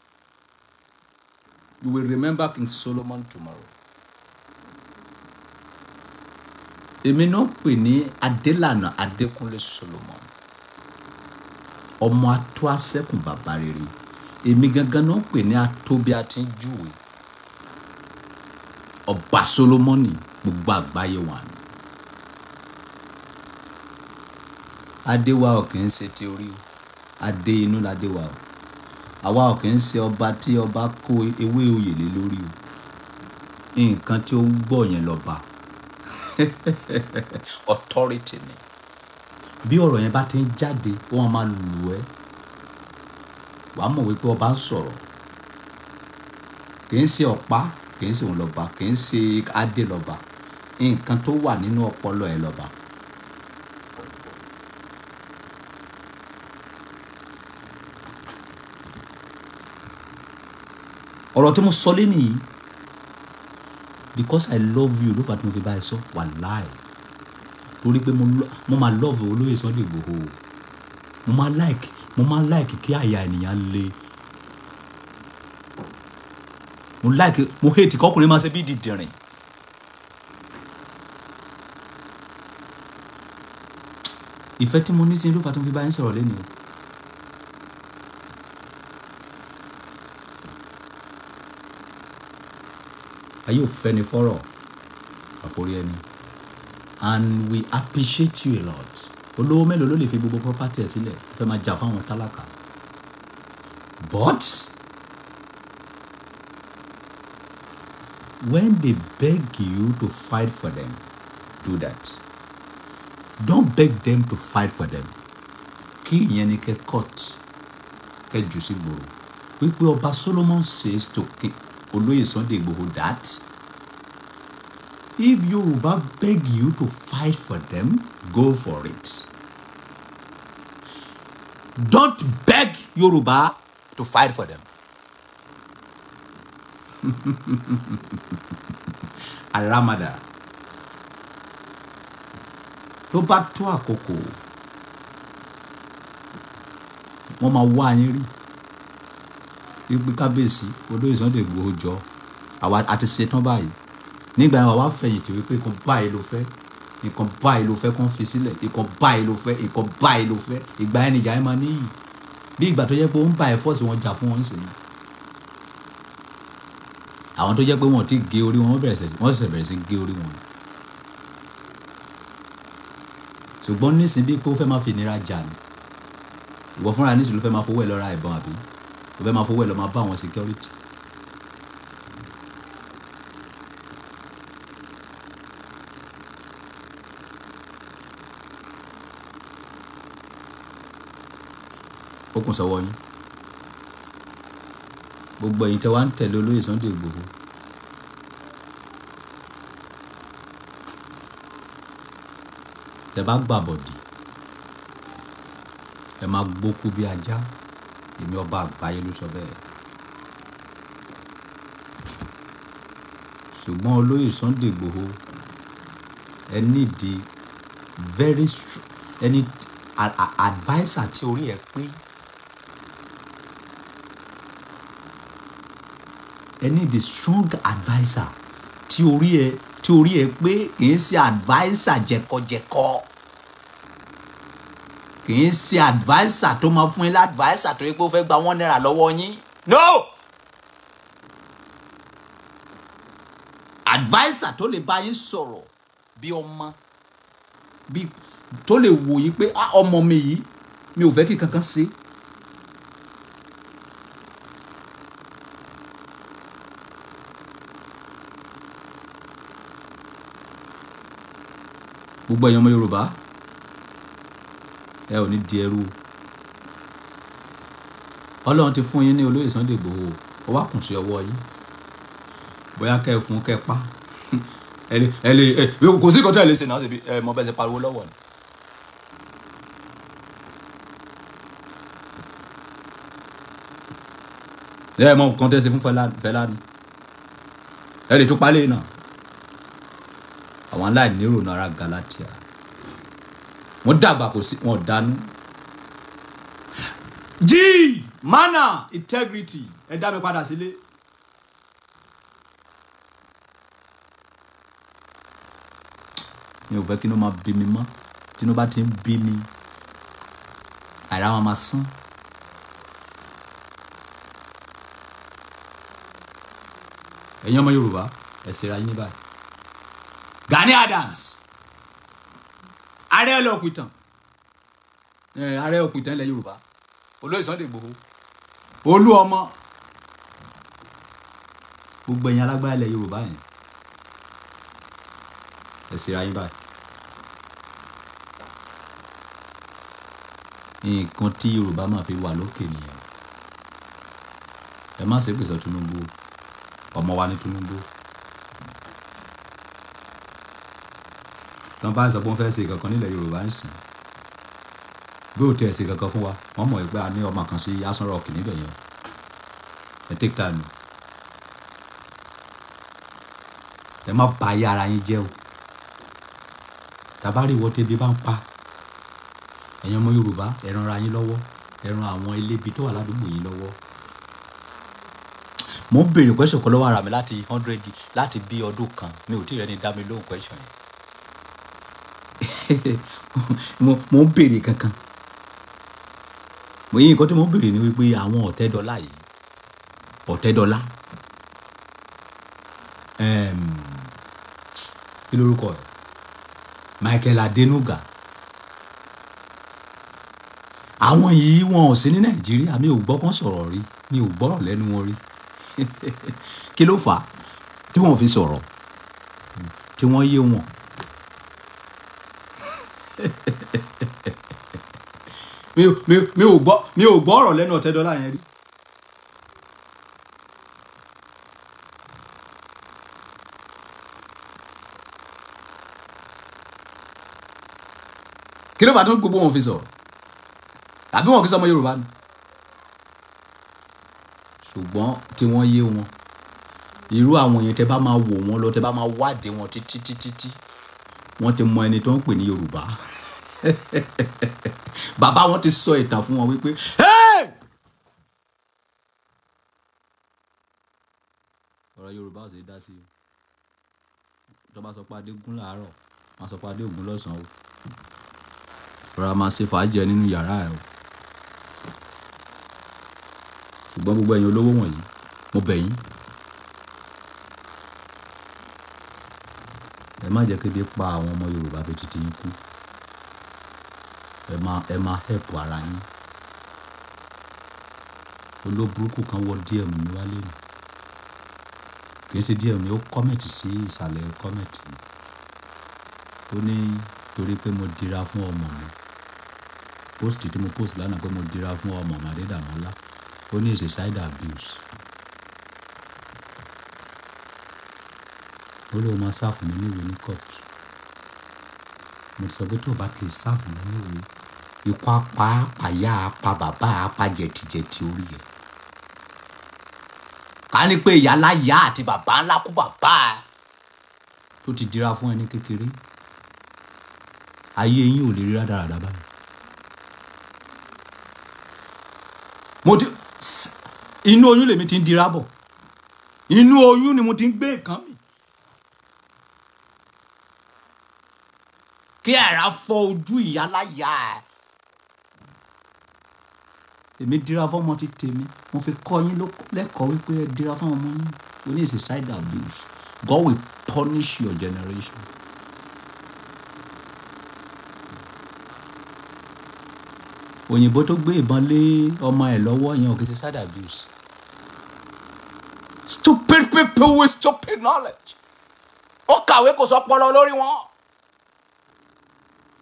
you will remember King Solomon tomorrow. Èmi náà pè ní Solomon. Omo atọ́ asẹ́kùn bàbá èmi gangan náà ń pè ní atóbi àti júwe ọba Solomoni gbogbo àgbáyé wà ní. adé wa ò kì í ṣe ti orí o adé inú ládé wa o àwa ò kì í ṣe ọba tí ọba kó ewé oyè lé lórí o nǹkan tí ó ń gbọ́ yẹn lọ́ba authority ni bí ọ̀rọ̀ yẹn bá ti ń jáde wọ́n máa lù ẹ́ wàá mọ̀ wípé ọba ń sọ̀rọ̀ kì í ṣe ọ̀pá kì í ṣe òun lọ́ba kì í ṣe adé lọ́ba nǹkan tó wà nínú ọpọlọ ẹ lọ́ba. ọ̀rọ̀ tí mo sọ lé nìyí because i love you ló fà tí mo fi bá ẹ sọ wàláì torí pé mo máa love olóyè Sunday Igboho mo máa like mo máa ń like kí àyà ènìyàn le mo like mo hate kọkùnrin máa ṣe bí dìdìrìn ìfẹ́ tí mo ní sí ló fà tó fi bá yín sọ̀rọ̀ lẹ́nu o. ayé ò fẹ́ ni fọ́rọ̀ àforí ẹni and we appreciate you a lot olówó mélòó ló lè fi gbogbo property ẹ̀ sílẹ̀ fẹ́ máa jà fáwọn tálákà but when they beg you to fight for them do that don't beg them to fight for them kí ìyẹn ni kẹ́ court kẹ́ jù sí gbòòrò wípé ọba Solomon says to king olóyè Sunday Igboho that. If Yoruba beg you to fight for them, go for it. Don't beg Yoruba to fight for them. Aramada. Tó bá tó àkókò, wọ́n máa wá yín rí. Ipe kábíyèsí, odó ìsọ̀ndẹ̀ gbòó jọ, àwa àti ṣetán báyìí nígbà yẹn wà wá fẹ̀yìntì wípé nǹkan báyìí ló fẹ́ nǹkan báyìí ló fẹ́ kó ń fi sílẹ̀ nǹkan báyìí ló fẹ́ nǹkan báyìí ló fẹ́ ìgbà yẹn nìjà yẹn máa níyì bí ìgbà tó jẹ́ pé ó ń bá ẹ̀ fọ́ọ̀sì wọn jà fún wọn sí ni àwọn tó jẹ́ pé wọn ti gé orí wọn wọ́n ṣẹ̀ṣẹ̀ bẹ̀rẹ̀ sí gé orí wọn ṣùgbọ́n nísìnyí bí pé ó fẹ́ máa fi ìnira jà ni ìwọ fúnra nísìnyí ló fẹ́ máa fowó ẹ̀ lọ ra ìbọn àbí ló fẹ́ máa fowó ẹ̀ lọ máa bá àwọn security ó kún sọ́wọ́ yín gbogbo ẹ̀yin tẹ́ wá ń tẹ̀lé olóyè Sunday Igboho tẹ́ bá gbàbọ̀dì ẹ máa gbókú bí ajá èmi ọba àgbáyé ló sọ bẹ́ẹ̀ ṣùgbọ́n olóyè Sunday Igboho ẹ nídìí very strong ẹni adviser tí orí ẹ pé. ẹ need a strong adviser tí orí ẹ tí orí ẹ pé kì í ṣe adviser jẹkọjẹkọ kì í ṣe adviser tó máa fún yín lá adviser tó yẹ pé ó fẹ́ gba one naira lọ́wọ́ yín no adviser tó lè bá yín sọ̀rọ̀ bí ọmọ bí tó lè wò yín pé ah, ọmọ mi yìí mi ò fẹ́ kí kankan ṣe é. gbogbo ẹ̀yàn ọmọ Yorùbá ẹ ò ní di ẹrú Ọlọ́run ti fún yín ní olóyè Sunday Igboho ó wá kùn sí ọwọ́ yín bóyá kẹ́ ẹ fún kẹ́ pa ẹ lè ẹ lè kò sí ìkọ́tọ̀ ẹ lè ṣe náà ṣèbí ẹ mọ bẹ́ẹ̀ ṣe pariwo lọ́wọ́ ni. ẹ mọ nǹkan tẹ́ fún Fẹ́lá ni ẹ lè tún palẹ̀ náà àwọn aláìnírònú ará Galatia wọ́n dàgbà kò sí wọn dánú. g mana integrity ẹ dá mi padà sílé. mi ò fẹ́ kí ló máa bí mi mọ́ tí ló bá ti ń bí mi àrà wọn máa sán. ẹ̀yin ọmọ Yorùbá ẹ ṣèrà yín báyìí. Gani Adams ààrẹ ọlọpìtàn ààrẹ ọpìtàn ilẹ̀ Yorùbá olóyè Sunday Igboho olú ọmọ gbogbo ẹ̀yin alágbára ilẹ̀ Yorùbá yẹn ẹ sì ra yín báyìí. nǹkan tí Yorùbá máa fi wà lókè nìyẹn ẹ má ṣe pèsè Tinubu ọmọ wa ní Tinubu. tán bá ń sọ pé wọ́n fẹ́ ṣe kankan nílẹ̀ yorùbá ń sìn bí ò tẹ̀ ṣe kankan fún wa wọ́n mọ̀ pé a ní ọmọ kan sí asan rock níbẹ̀ yẹn ẹ take time ẹ má ba ayé ara yín jẹ́ o tàbá rí ìwọ́de bí bá ń pa ẹ̀yin ọmọ yorùbá ẹ ran ara yín lọ́wọ́ ẹ ran àwọn elébi tó wà ládùúgbò yín lọ́wọ́ mo ń béèrè question kan lọ́wọ́ ara mi láti hundred láti bí ọdún kan mi ò tí ì rẹ́ni dá mi lóhùn question yẹn mo ń béèrè kankan mo yí nǹkan tí mo ń béèrè ni wípé àwọn ọ̀tẹ́dọ́là yìí ọ̀tẹ́dọ́là kí lórúkọ ẹ̀ Michael Adenuga àwọn yìí wọn ò sí ní Nàìjíríà mi ò gbọ́ kán sọ̀rọ̀ rí mi ò gbọ́rọ̀ lẹ́nu wọn rí kí ló fà á tí wọn ò fi sọ̀rọ̀ tí wọ́n yé wọn mi ò mi mi ò gbọ́ mi ò gbọ́ ọ̀rọ̀ lẹ́nu Ọ̀tẹ́dọ́lá yẹn rí. kí ló bá tún gbogbo wọn fi sọ̀rọ̀ àbí wọn kì í sọ ọmọ Yorùbá ni ṣùgbọ́n tí wọ́n yé wọn irú àwọn yẹn tẹ́ bá máa wò wọ́n lọ tẹ́ bá máa wádìí wọn títí títí wọ́n ti mọ ẹni tó ń pè ní Yorùbá bàbá wọn ti sọ ìtàn fún wọn wípé ọ̀rọ̀ Yorùbá ò sì dá sí i tó bá sọ pé Adégún làárọ̀ máa sọ pé Adégún lọ́sàn-án o rọra máa ṣe fàájẹ nínú yàrá ẹ o ṣùgbọ́n gbogbo ẹ̀yin olówó wọ̀nyí mo bẹ̀ yín ẹ má jẹ́ kéde pa àwọn ọmọ Yorùbá bíi titi yín kú ẹ máa ẹ máa help ara yín olóburúkú kan wọ DM mi wálé mi kì í ṣe DM mi ó kọ́mẹ̀tì sí ìsàlẹ̀ kọ́mẹ̀tì mi ó ní torí pé mo dira fún ọmọ mi post tí mo post lánàá pé mo dira fún ọmọ mi Adédàmọ́lá ó ní ìṣe side abuse ó lóun máa sá fún mi níwèé ní court mo sọ pé tó o bá ti sáàfù mi níwèé ikú apá àyà apá bàbá apá jẹtijẹti orí ẹ ká ní pé ìyá láyà àti bàbá ńlá kú bàbá ẹ tó ti dira fún ẹni kékeré ayé yín ò lè rí rádaràdà báyìí mo ti inú oyún lèmi ti ń dira bọ̀ inú oyún ni mo ti ń gbé nǹkan mi kí ẹ̀rá fọ ojú ìyá láyà ẹ̀. èmi dira fọmọ ti tèmi mo fi kọ́ yín lẹ́kọ̀ọ́ wípé ẹ dira fọmọ ọmọ yín o ní ìsìn side abuse God will punish your generation. òyìnbó tó gbé ìbọn lé ọmọ ẹ̀ lọ́wọ́ yẹn ò kì í ṣe side abuse. stupid people with stupid knowledge ó kàwé kò sọ pọlọ lórí wọn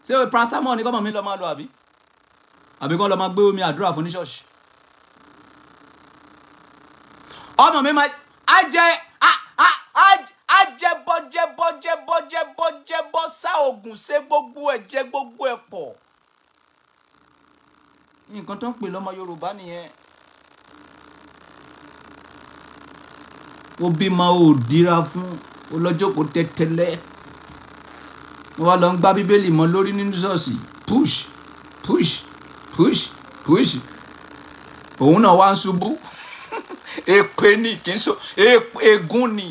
ṣé paracetamol ní kọ́mọ mi lọ́ọ́ máa lọ àbí àbí kọ́ lọ́ọ́ máa gbé omi àdúrà fún ní ṣọ́ọ̀ṣì ọmọ mi máa á jẹ á á á jẹbọ jẹbọ jẹbọ jẹbọ jẹbọ sá oògùn ṣe gbogbo ẹ jẹ gbogbo ẹ pọ̀ nǹkan tó ń pè lọ́mọ Yorùbá nìyẹn ó bímọ ó dira fún olójókòó tẹ́tẹ́lẹ́ wọ́n lọ ń gbá bíbélì mọ́ lórí nínú ṣọ́ọ̀ṣì push push push push òun náà wá ń ṣubú èpè ni kì í so ègún ni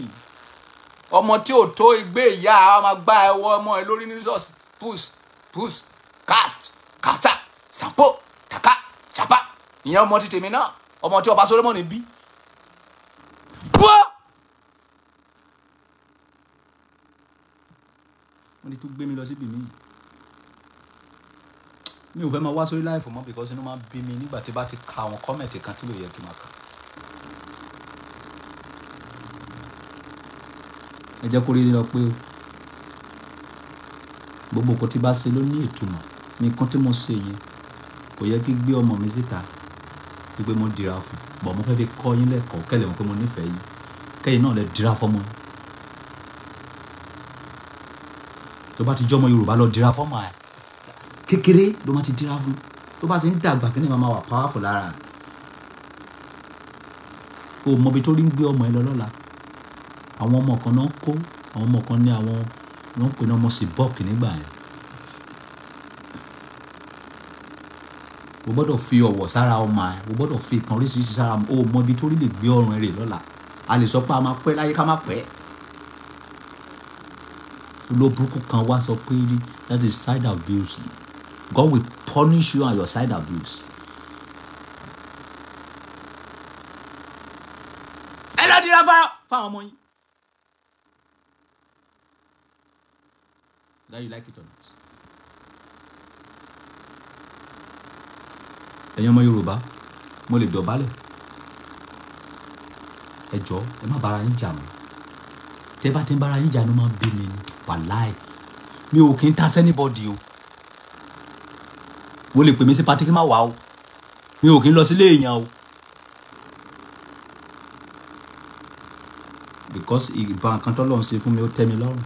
ọmọ tí ò tó igbé ìyá a máa gbá ẹwọ ọmọ ẹ lórí nínú ṣọ́ọ̀ṣì push push cast kata sampo taka chapa ìyẹn ọmọ ti tèmi náà ọmọ tí ọba Solomoni bí wọ́n ti tún gbé mi lọ síbi míì mi ò fẹ́ máa wá sórí láìfò mọ́ because inú máa ń bí mi nígbà tí bá ti ka àwọn kọ́mẹ̀tì kan tí ló yẹ kí n máa kà. ẹ jẹ́ kó rí lọ pé gbogbo nǹkan tí bá ṣe ló ní ìtumọ̀ nǹkan tí mo ṣe yẹn kò yẹ kí gbé ọmọ mi síta wípé mo dira fún bọ̀ mo fẹ́ fi kọ́ yín lẹ́kọ̀ọ́ kẹ́lẹ̀ mọ̀ pé mo nífẹ̀ẹ́ yín kẹ́yìn náà lè dira fọ́mọ yín. tó bá ti jọmọ yorùbá lọ dira fọmọ ẹ kékeré ló máa ti dira fún tó bá ti ń dàgbà kí ni màmá wà powerful lára o mọbi tó rí ń gbé ọmọ ẹ lọ lọ́la àwọn ọmọ kan náà kó àwọn ọmọ kan ní àwọn ló ń pè ní ọmọ sí bọ́ọ̀kì nígbà yẹn o gbọ́dọ̀ fi ọ̀wọ̀ sára ọmọ ẹ o gbọ́dọ̀ fi nǹkan oríṣiríṣi sára ọmọ o mọbi tó rí lè gbé ọrùn ẹ rè lọ́la a lè sọ pé a máa pẹ́ láyé ká má pẹ́ olóburúkú kan wá sọ pé that is side abuse God will punish you and your side abuse. ẹ lọ dira fáwọn ọmọ yín. that you like it or not. ẹ̀yin ọmọ Yorùbá mo lè dọ̀bálẹ̀ ẹ jọ̀ọ́ ẹ má bára yín jà mọ́ tẹ bá ti ń bára yín jà máa ń bí mi wàláì mi ò kí ń ta sẹ́nìbọ̀dì o wọ́n lè pè mí sí pátí má wà o mi ò kí ń lọ sílé èèyàn o. because ìgbà nǹkan tó lọ́n ṣe fún mi ó tẹ́ mi lọ́rùn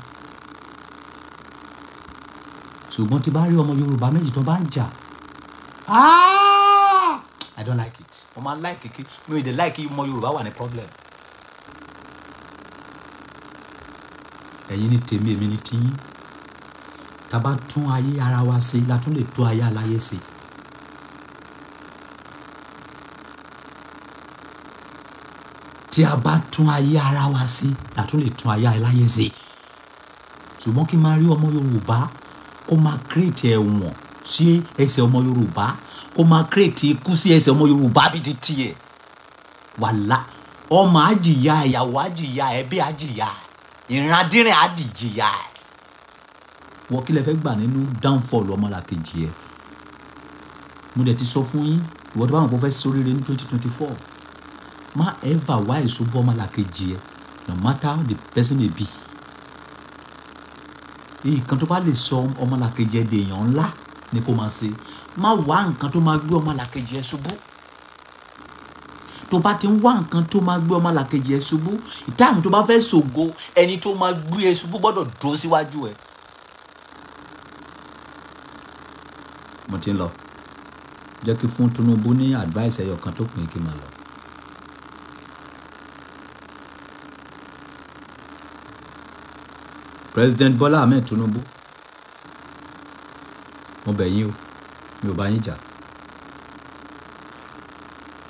ṣùgbọ́n tí bá rí ọmọ Yorùbá méjì tó bá ń jà ah! I don't like it ọmọ aláìkèké mi ò dé láìkí ọmọ Yorùbá wà ní problem. ẹ̀yin ní tèmi èmi ní tiyín tá a bá tún ayé ara wa ṣe la tún lè tún ayé aláyé ṣe. tí a bá tún ayé ara wa ṣe la tún lè tún ayé aláyé ṣe. ṣùgbọ́n kí n máa rí ọmọ Yorùbá kó máa kírètì ẹ̀wọ̀n sí ẹsẹ̀ ọmọ Yorùbá kó máa kírètì ikú sí ẹsẹ̀ ọmọ Yorùbá bíi ti tiẹ̀ wàhálà ọmọ àjìyà ìyàwó àjìyà ẹbí àjìyà ìrandírin àdìjìyà ẹ̀. wọ́n kí lẹ fẹ́ gbà nínú downfall ọmọlàkejì ẹ̀ mo dẹ̀ ti sọ fún yín ìwọ tó bá wọn kó fẹ́ ṣoríire ní twenty twenty four má ever wá ìṣubú ọmọlàkejì ẹ̀ no matter the person may be nǹkan tó bá lè sọ ọmọlàkejì ẹ̀ dèèyàn ńlá ni kó máa ṣe má wá nǹkan tó máa gbé ọmọlàkejì ẹ̀ ṣubú tó bá ti ń wá nǹkan tó máa gbé ọmọ làkejì ẹ ṣubú ìtààmú tó bá fẹ́ ṣògo ẹni tó máa gbé ẹ ṣubú gbọ́dọ̀ dúró síwájú ẹ. mo ti ń lọ jẹ́ kí fún Tinubu ní advice ẹyọ tó pin kí n máa lọ. President Bola Ahmed Tinubu mo bẹ̀ yín o mi ò bá yín jà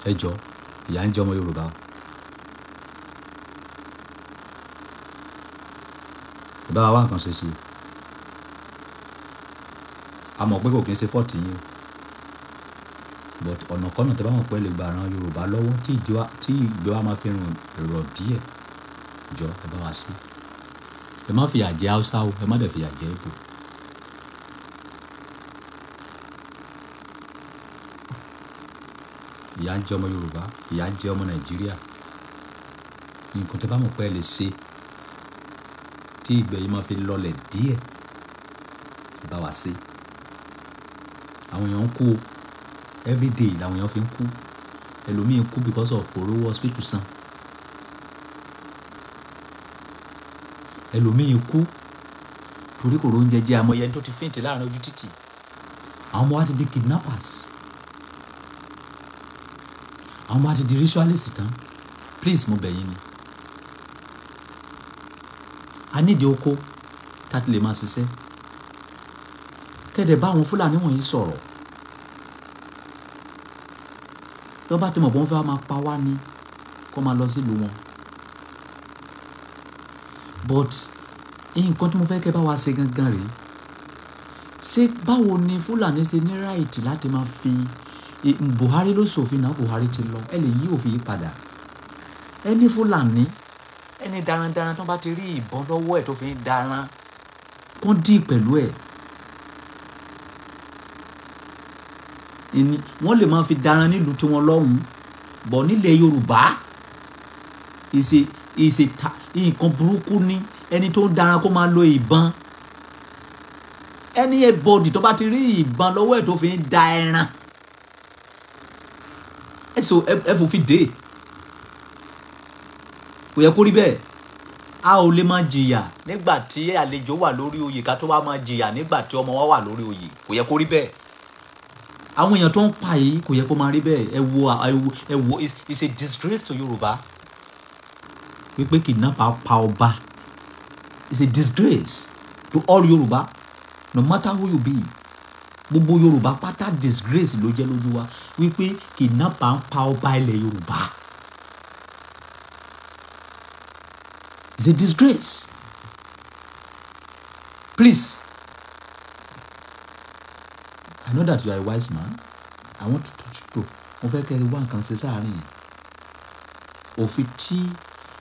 ẹ jọ̀ọ́ ìyà ń jẹ ọmọ Yorùbá tẹ́ bá wọn pẹ́ lè gba àrùn Yorùbá lọ́wọ́ tí ìgbé wa máa fi rìn rọ̀ díẹ̀ jọ ẹ bá wa sí ẹ má fìyà jẹ Haúsá o ẹ má dẹ̀ fìyà jẹ Ìgbò. ìyà ń jẹ ọmọ Yorùbá ìyà ń jẹ ọmọ Nàìjíríà nǹkan tẹ́ bá mọ̀ pé ẹ lè ṣe tí ìgbẹ́ yìí máa fi lọlẹ̀ díẹ̀ ẹ bá wa ṣe àwọn èèyàn ń kú everyday làwọn èèyàn fi ń kú ẹlòmíín kú because of kò rówó hospital san ẹlòmíín kú torí kò róúnjẹ jẹ àmọ́ yẹn tó ti fẹ́ǹtì láàrin ojú títì àwọn ọmọ wa ti di kidnappers àwọn máa ti di ritualist tán please mo bẹ̀ yín ni a nídìí oko tá a ti lè máa ṣiṣẹ́ kẹ́dẹ̀ bá àwọn fúlàní wọ̀nyí sọ̀rọ̀ lọ́ bá ti mọ̀ pé wọ́n fẹ́ máa pa wá ni kó máa lọ sílùú wọn but nǹkan tí mo fẹ́ kẹ́ bá wa ṣe gangan rèé ṣé báwo ni fúlàní ṣe ní ráìtì láti máa fi Buhari ló ṣòfin náà Buhari ti lọ ẹ lè yí òfin yìí padà ẹni Fúlàní ẹni darandaran tó bá ti rí ìbọn lọ́wọ́ ẹ̀ tó fi ń daran kó dín pẹ̀lú ẹ̀ wọ́n lè máa fi daran nílùú tiwọn lọ́hùn-ún bọ̀ nílẹ̀ Yorùbá ìṣe ìṣe ta nǹkan burúkú ni ẹni tó ń daran kó máa lo ìbọn ẹni ẹ bọ́ọ̀dì tó bá ti rí ìbọn lọ́wọ́ ẹ̀ tó fi ń da ẹran ẹsẹ ẹfòfin dè kò yẹ kó rí bẹ́ẹ̀ a ò lè máa jìyà nígbà tí àlejò wà lórí oyè ká tó wá máa jìyà nígbà tí ọmọ wa wà lórí oyè kò yẹ kó rí bẹ́ẹ̀ àwọn èèyàn tó ń pa yìí kò yẹ kó máa rí bẹ́ẹ̀ ẹ wo ẹ wo it's a disgrace to Yorùbá wípé kidnapper pa ọba it's a disgrace to all Yorùbá no matter who you be gbogbo yorùbá pátá disgrace ló jẹ́ lójú wa wípé kidnapper ń pa ọba ilẹ̀ yorùbá it's a disgrace please i know that you are a wise man i want to touch you mo fẹ́ kẹ́ ẹ wá nǹkan ṣe sáàárín yìí òfin tí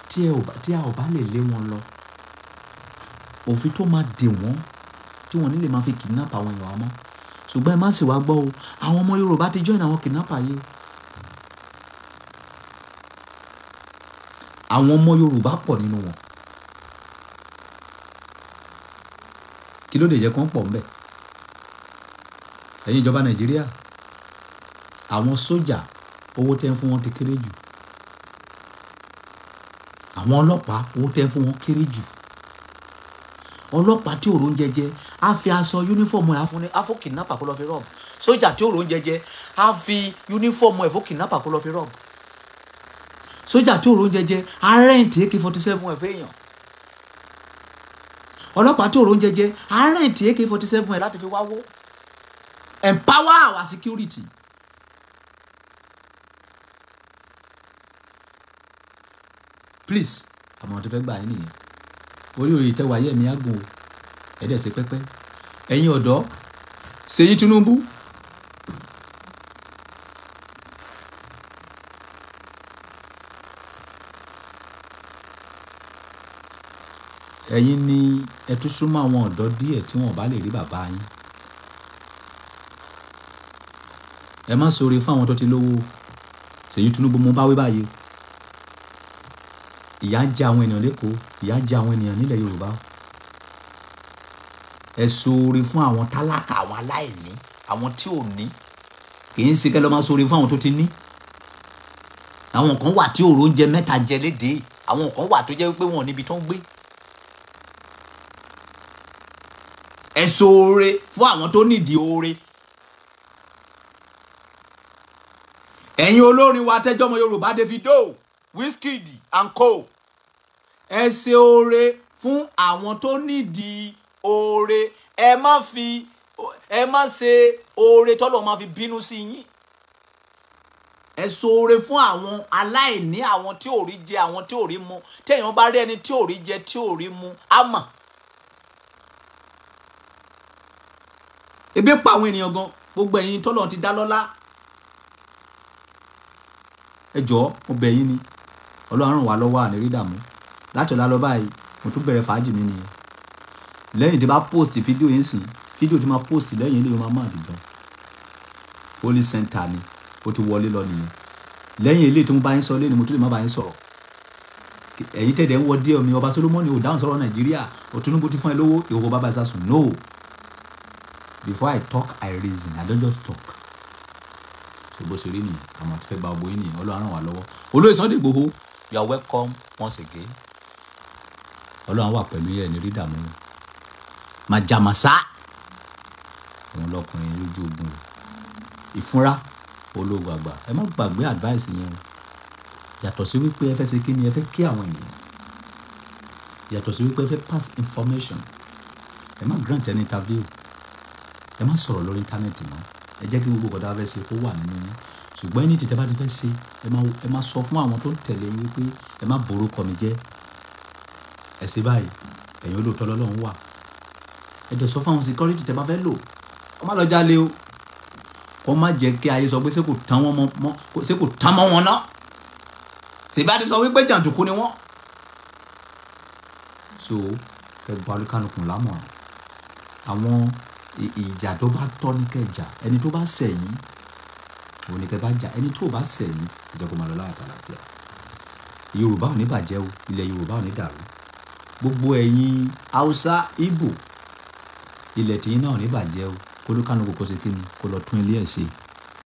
tí ẹ ọba tí a ọba lè lé wọn lọ òfin tó máa dè wọ́n tí wọ́n nílè máa fi kidnap àwọn èèyàn mọ́ ṣùgbọ́n ẹ má sì wá gbọ́ o àwọn ọmọ Yorùbá ti join àwọn kidnapper yìí o àwọn ọmọ Yorùbá pọ̀ nínú wọn kí ló lè jẹ́ kán pọ̀ ńbẹ̀ ẹ̀yin ìjọba Nàìjíríà àwọn sójà owó tẹ́ ń fún wọn ti kéré jù àwọn ọlọ́pàá owó tẹ́ ń fún wọn kéré jù ọlọ́pàá tí òrò ń jẹjẹ a fi aṣọ yúnífọ̀mù ẹ̀ afúnni a fún kidnapper kó lọ fi rọ́ọ̀bù sójà tí ó rò oúnjẹ jẹ a fi yúnífọ̀mù ẹ̀ fún kidnapper kó lọ fi rọ́ọ̀bù sójà tí ó rò oúnjẹ jẹ a rẹ́ǹtì ak forty seven ẹ̀ fẹ́yàn ọlọ́pàá tí ó rò oúnjẹ jẹ a rẹ́ǹtì ak forty seven ẹ̀ láti fi wáwó empower our security. please àmọ̀ tó fẹ́ gbà yín nìyẹn orí òye tẹ́wàá yẹ̀mí àgùn o ẹ dẹ̀ ṣe pẹ́pẹ́ ẹ̀yin ọ̀dọ́ Ṣèyí Tinubu ẹ̀yin ni ẹ tún súnmọ́ àwọn ọ̀dọ́ díẹ̀ tí wọ́n bá lè rí bàbá yín ẹ má sọ̀rọ̀ fún àwọn tó ti lówó Ṣèyí Tinubu mo bá wí báyìí ìyà ń jẹ àwọn ènìyàn lẹ́kọ̀ọ́ ìyà ń jẹ àwọn ènìyàn nílẹ̀ Yorùbá o ẹ ṣoore fún àwọn tálákà àwọn aláìní àwọn tí ò ní kì í ṣe kẹlẹ́ máa ṣoore fún àwọn tó ti ní àwọn kan wà tí òrò ń jẹ mẹ́ta jẹ léde àwọn kan wà tó jẹ́ pé wọ́n níbi tó ń gbé ẹ ṣoore fún àwọn tó nídìí oore ẹ̀yin olórin wa tẹ́jọ́ ọmọ Yorùbá Davido Wizkid and co ẹ ṣe oore fún àwọn tó nídìí oore ẹ má fi ẹ má ṣe oore tọ́lọ̀ máa fi bínú sí yín ẹ so oore fún àwọn aláìní àwọn tí ò rí jẹ àwọn tí ò rí mu téèyàn bá rí ẹni tí ò rí jẹ tí ò rí mu á mọ̀. ebi pa àwọn ènìyàn gan gbogbo ẹ̀yin tọ́lọ̀ ti dá lọ́lá ẹ jọ̀ọ́ mo bẹ̀ yín ni ọlọ́run wà lọ́wọ́ àní rí dààmú láti ọ̀la lọ báyìí mo tún bẹ̀rẹ̀ fàájì mi nìyẹn lẹ́yìn tí bá post fídíò yẹn sìn fídíò tí máa post lẹ́yìn ilé yóò máa máa dùn holy center ni ó ti wọlé lọ nìyẹn lẹ́yìn ilé tí mo bá yín sọ lẹ́nu mo tún lè má bá yín sọ̀rọ̀ ẹ̀yin tẹ̀dẹ̀ ń wọ díẹ̀ mi ọba Solomoni ò dáhùn sọ̀rọ̀ Nàìjíríà ò Tinubu ti fún ẹ lówó ìwọ bàbá ìsàsùn no before I talk I reason I don't just talk So bó ṣe rí nìyẹn àmọ́ àti fẹ́ gba ọgbọ́n yín nìyẹn Ọlọ́run ràn wá lọ́wọ́ olóyè Sunday you are welcome once again Ọlọ́run wà májàmásá òun lọkùnrin lójú ogun ìfúnra ológun àgbà ẹ má gbàgbé advice yẹn o yàtọ̀ sí wípé ẹ fẹ́ ṣe kí ni ẹ fẹ́ kí àwọn ènìyàn yàtọ̀ sí wípé ẹ fẹ́ pass information ẹ má grant any interview ẹ má sọ̀rọ̀ lórí íńtánẹ́ẹ̀tì mọ́ ẹ jẹ́ kí gbogbo ọ̀dà fẹ́ ṣe kó wà nínú yín ṣùgbọ́n ẹni tètè bá ti fẹ́ ṣe ẹ má sọ fún àwọn tó ń tẹ̀lé yín pé ẹ má borúkọ mi jẹ́ ẹ ṣe báyìí ẹ̀yin olóòótọ́ lọ́lọ́run wà ẹ̀dẹ̀ sọ fáwọn security tẹ́ bá fẹ́ lò ọmọ lọ jalè o kọ́ má jẹ́ kí ayé sọ pé ṣé kò tán wọn mọ́ ṣé kò tán mọ́ wọn náà ṣèbí àti sọ wípé jàǹdùkú ni wọ́n. so kẹgbà olúkálùkùn lámọ̀ràn àwọn ìjà tó bá tọ́ ní kẹjà ẹni tó bá sẹ̀yìn òun ni kẹ bá jà ẹni tó bá sẹ̀yìn ìjọba ọmọ lọ́la àtàlàfíà yorùbá ò ní bàjẹ́ o ilẹ̀ yorùbá ò ní dàrú gbogbo ẹ̀yin haúsá ìbò ilẹ̀ tìyín náà ò ní bàjẹ́ o kó ló kó ṣe kí ni kó lọ tún ilé ẹ̀ ṣe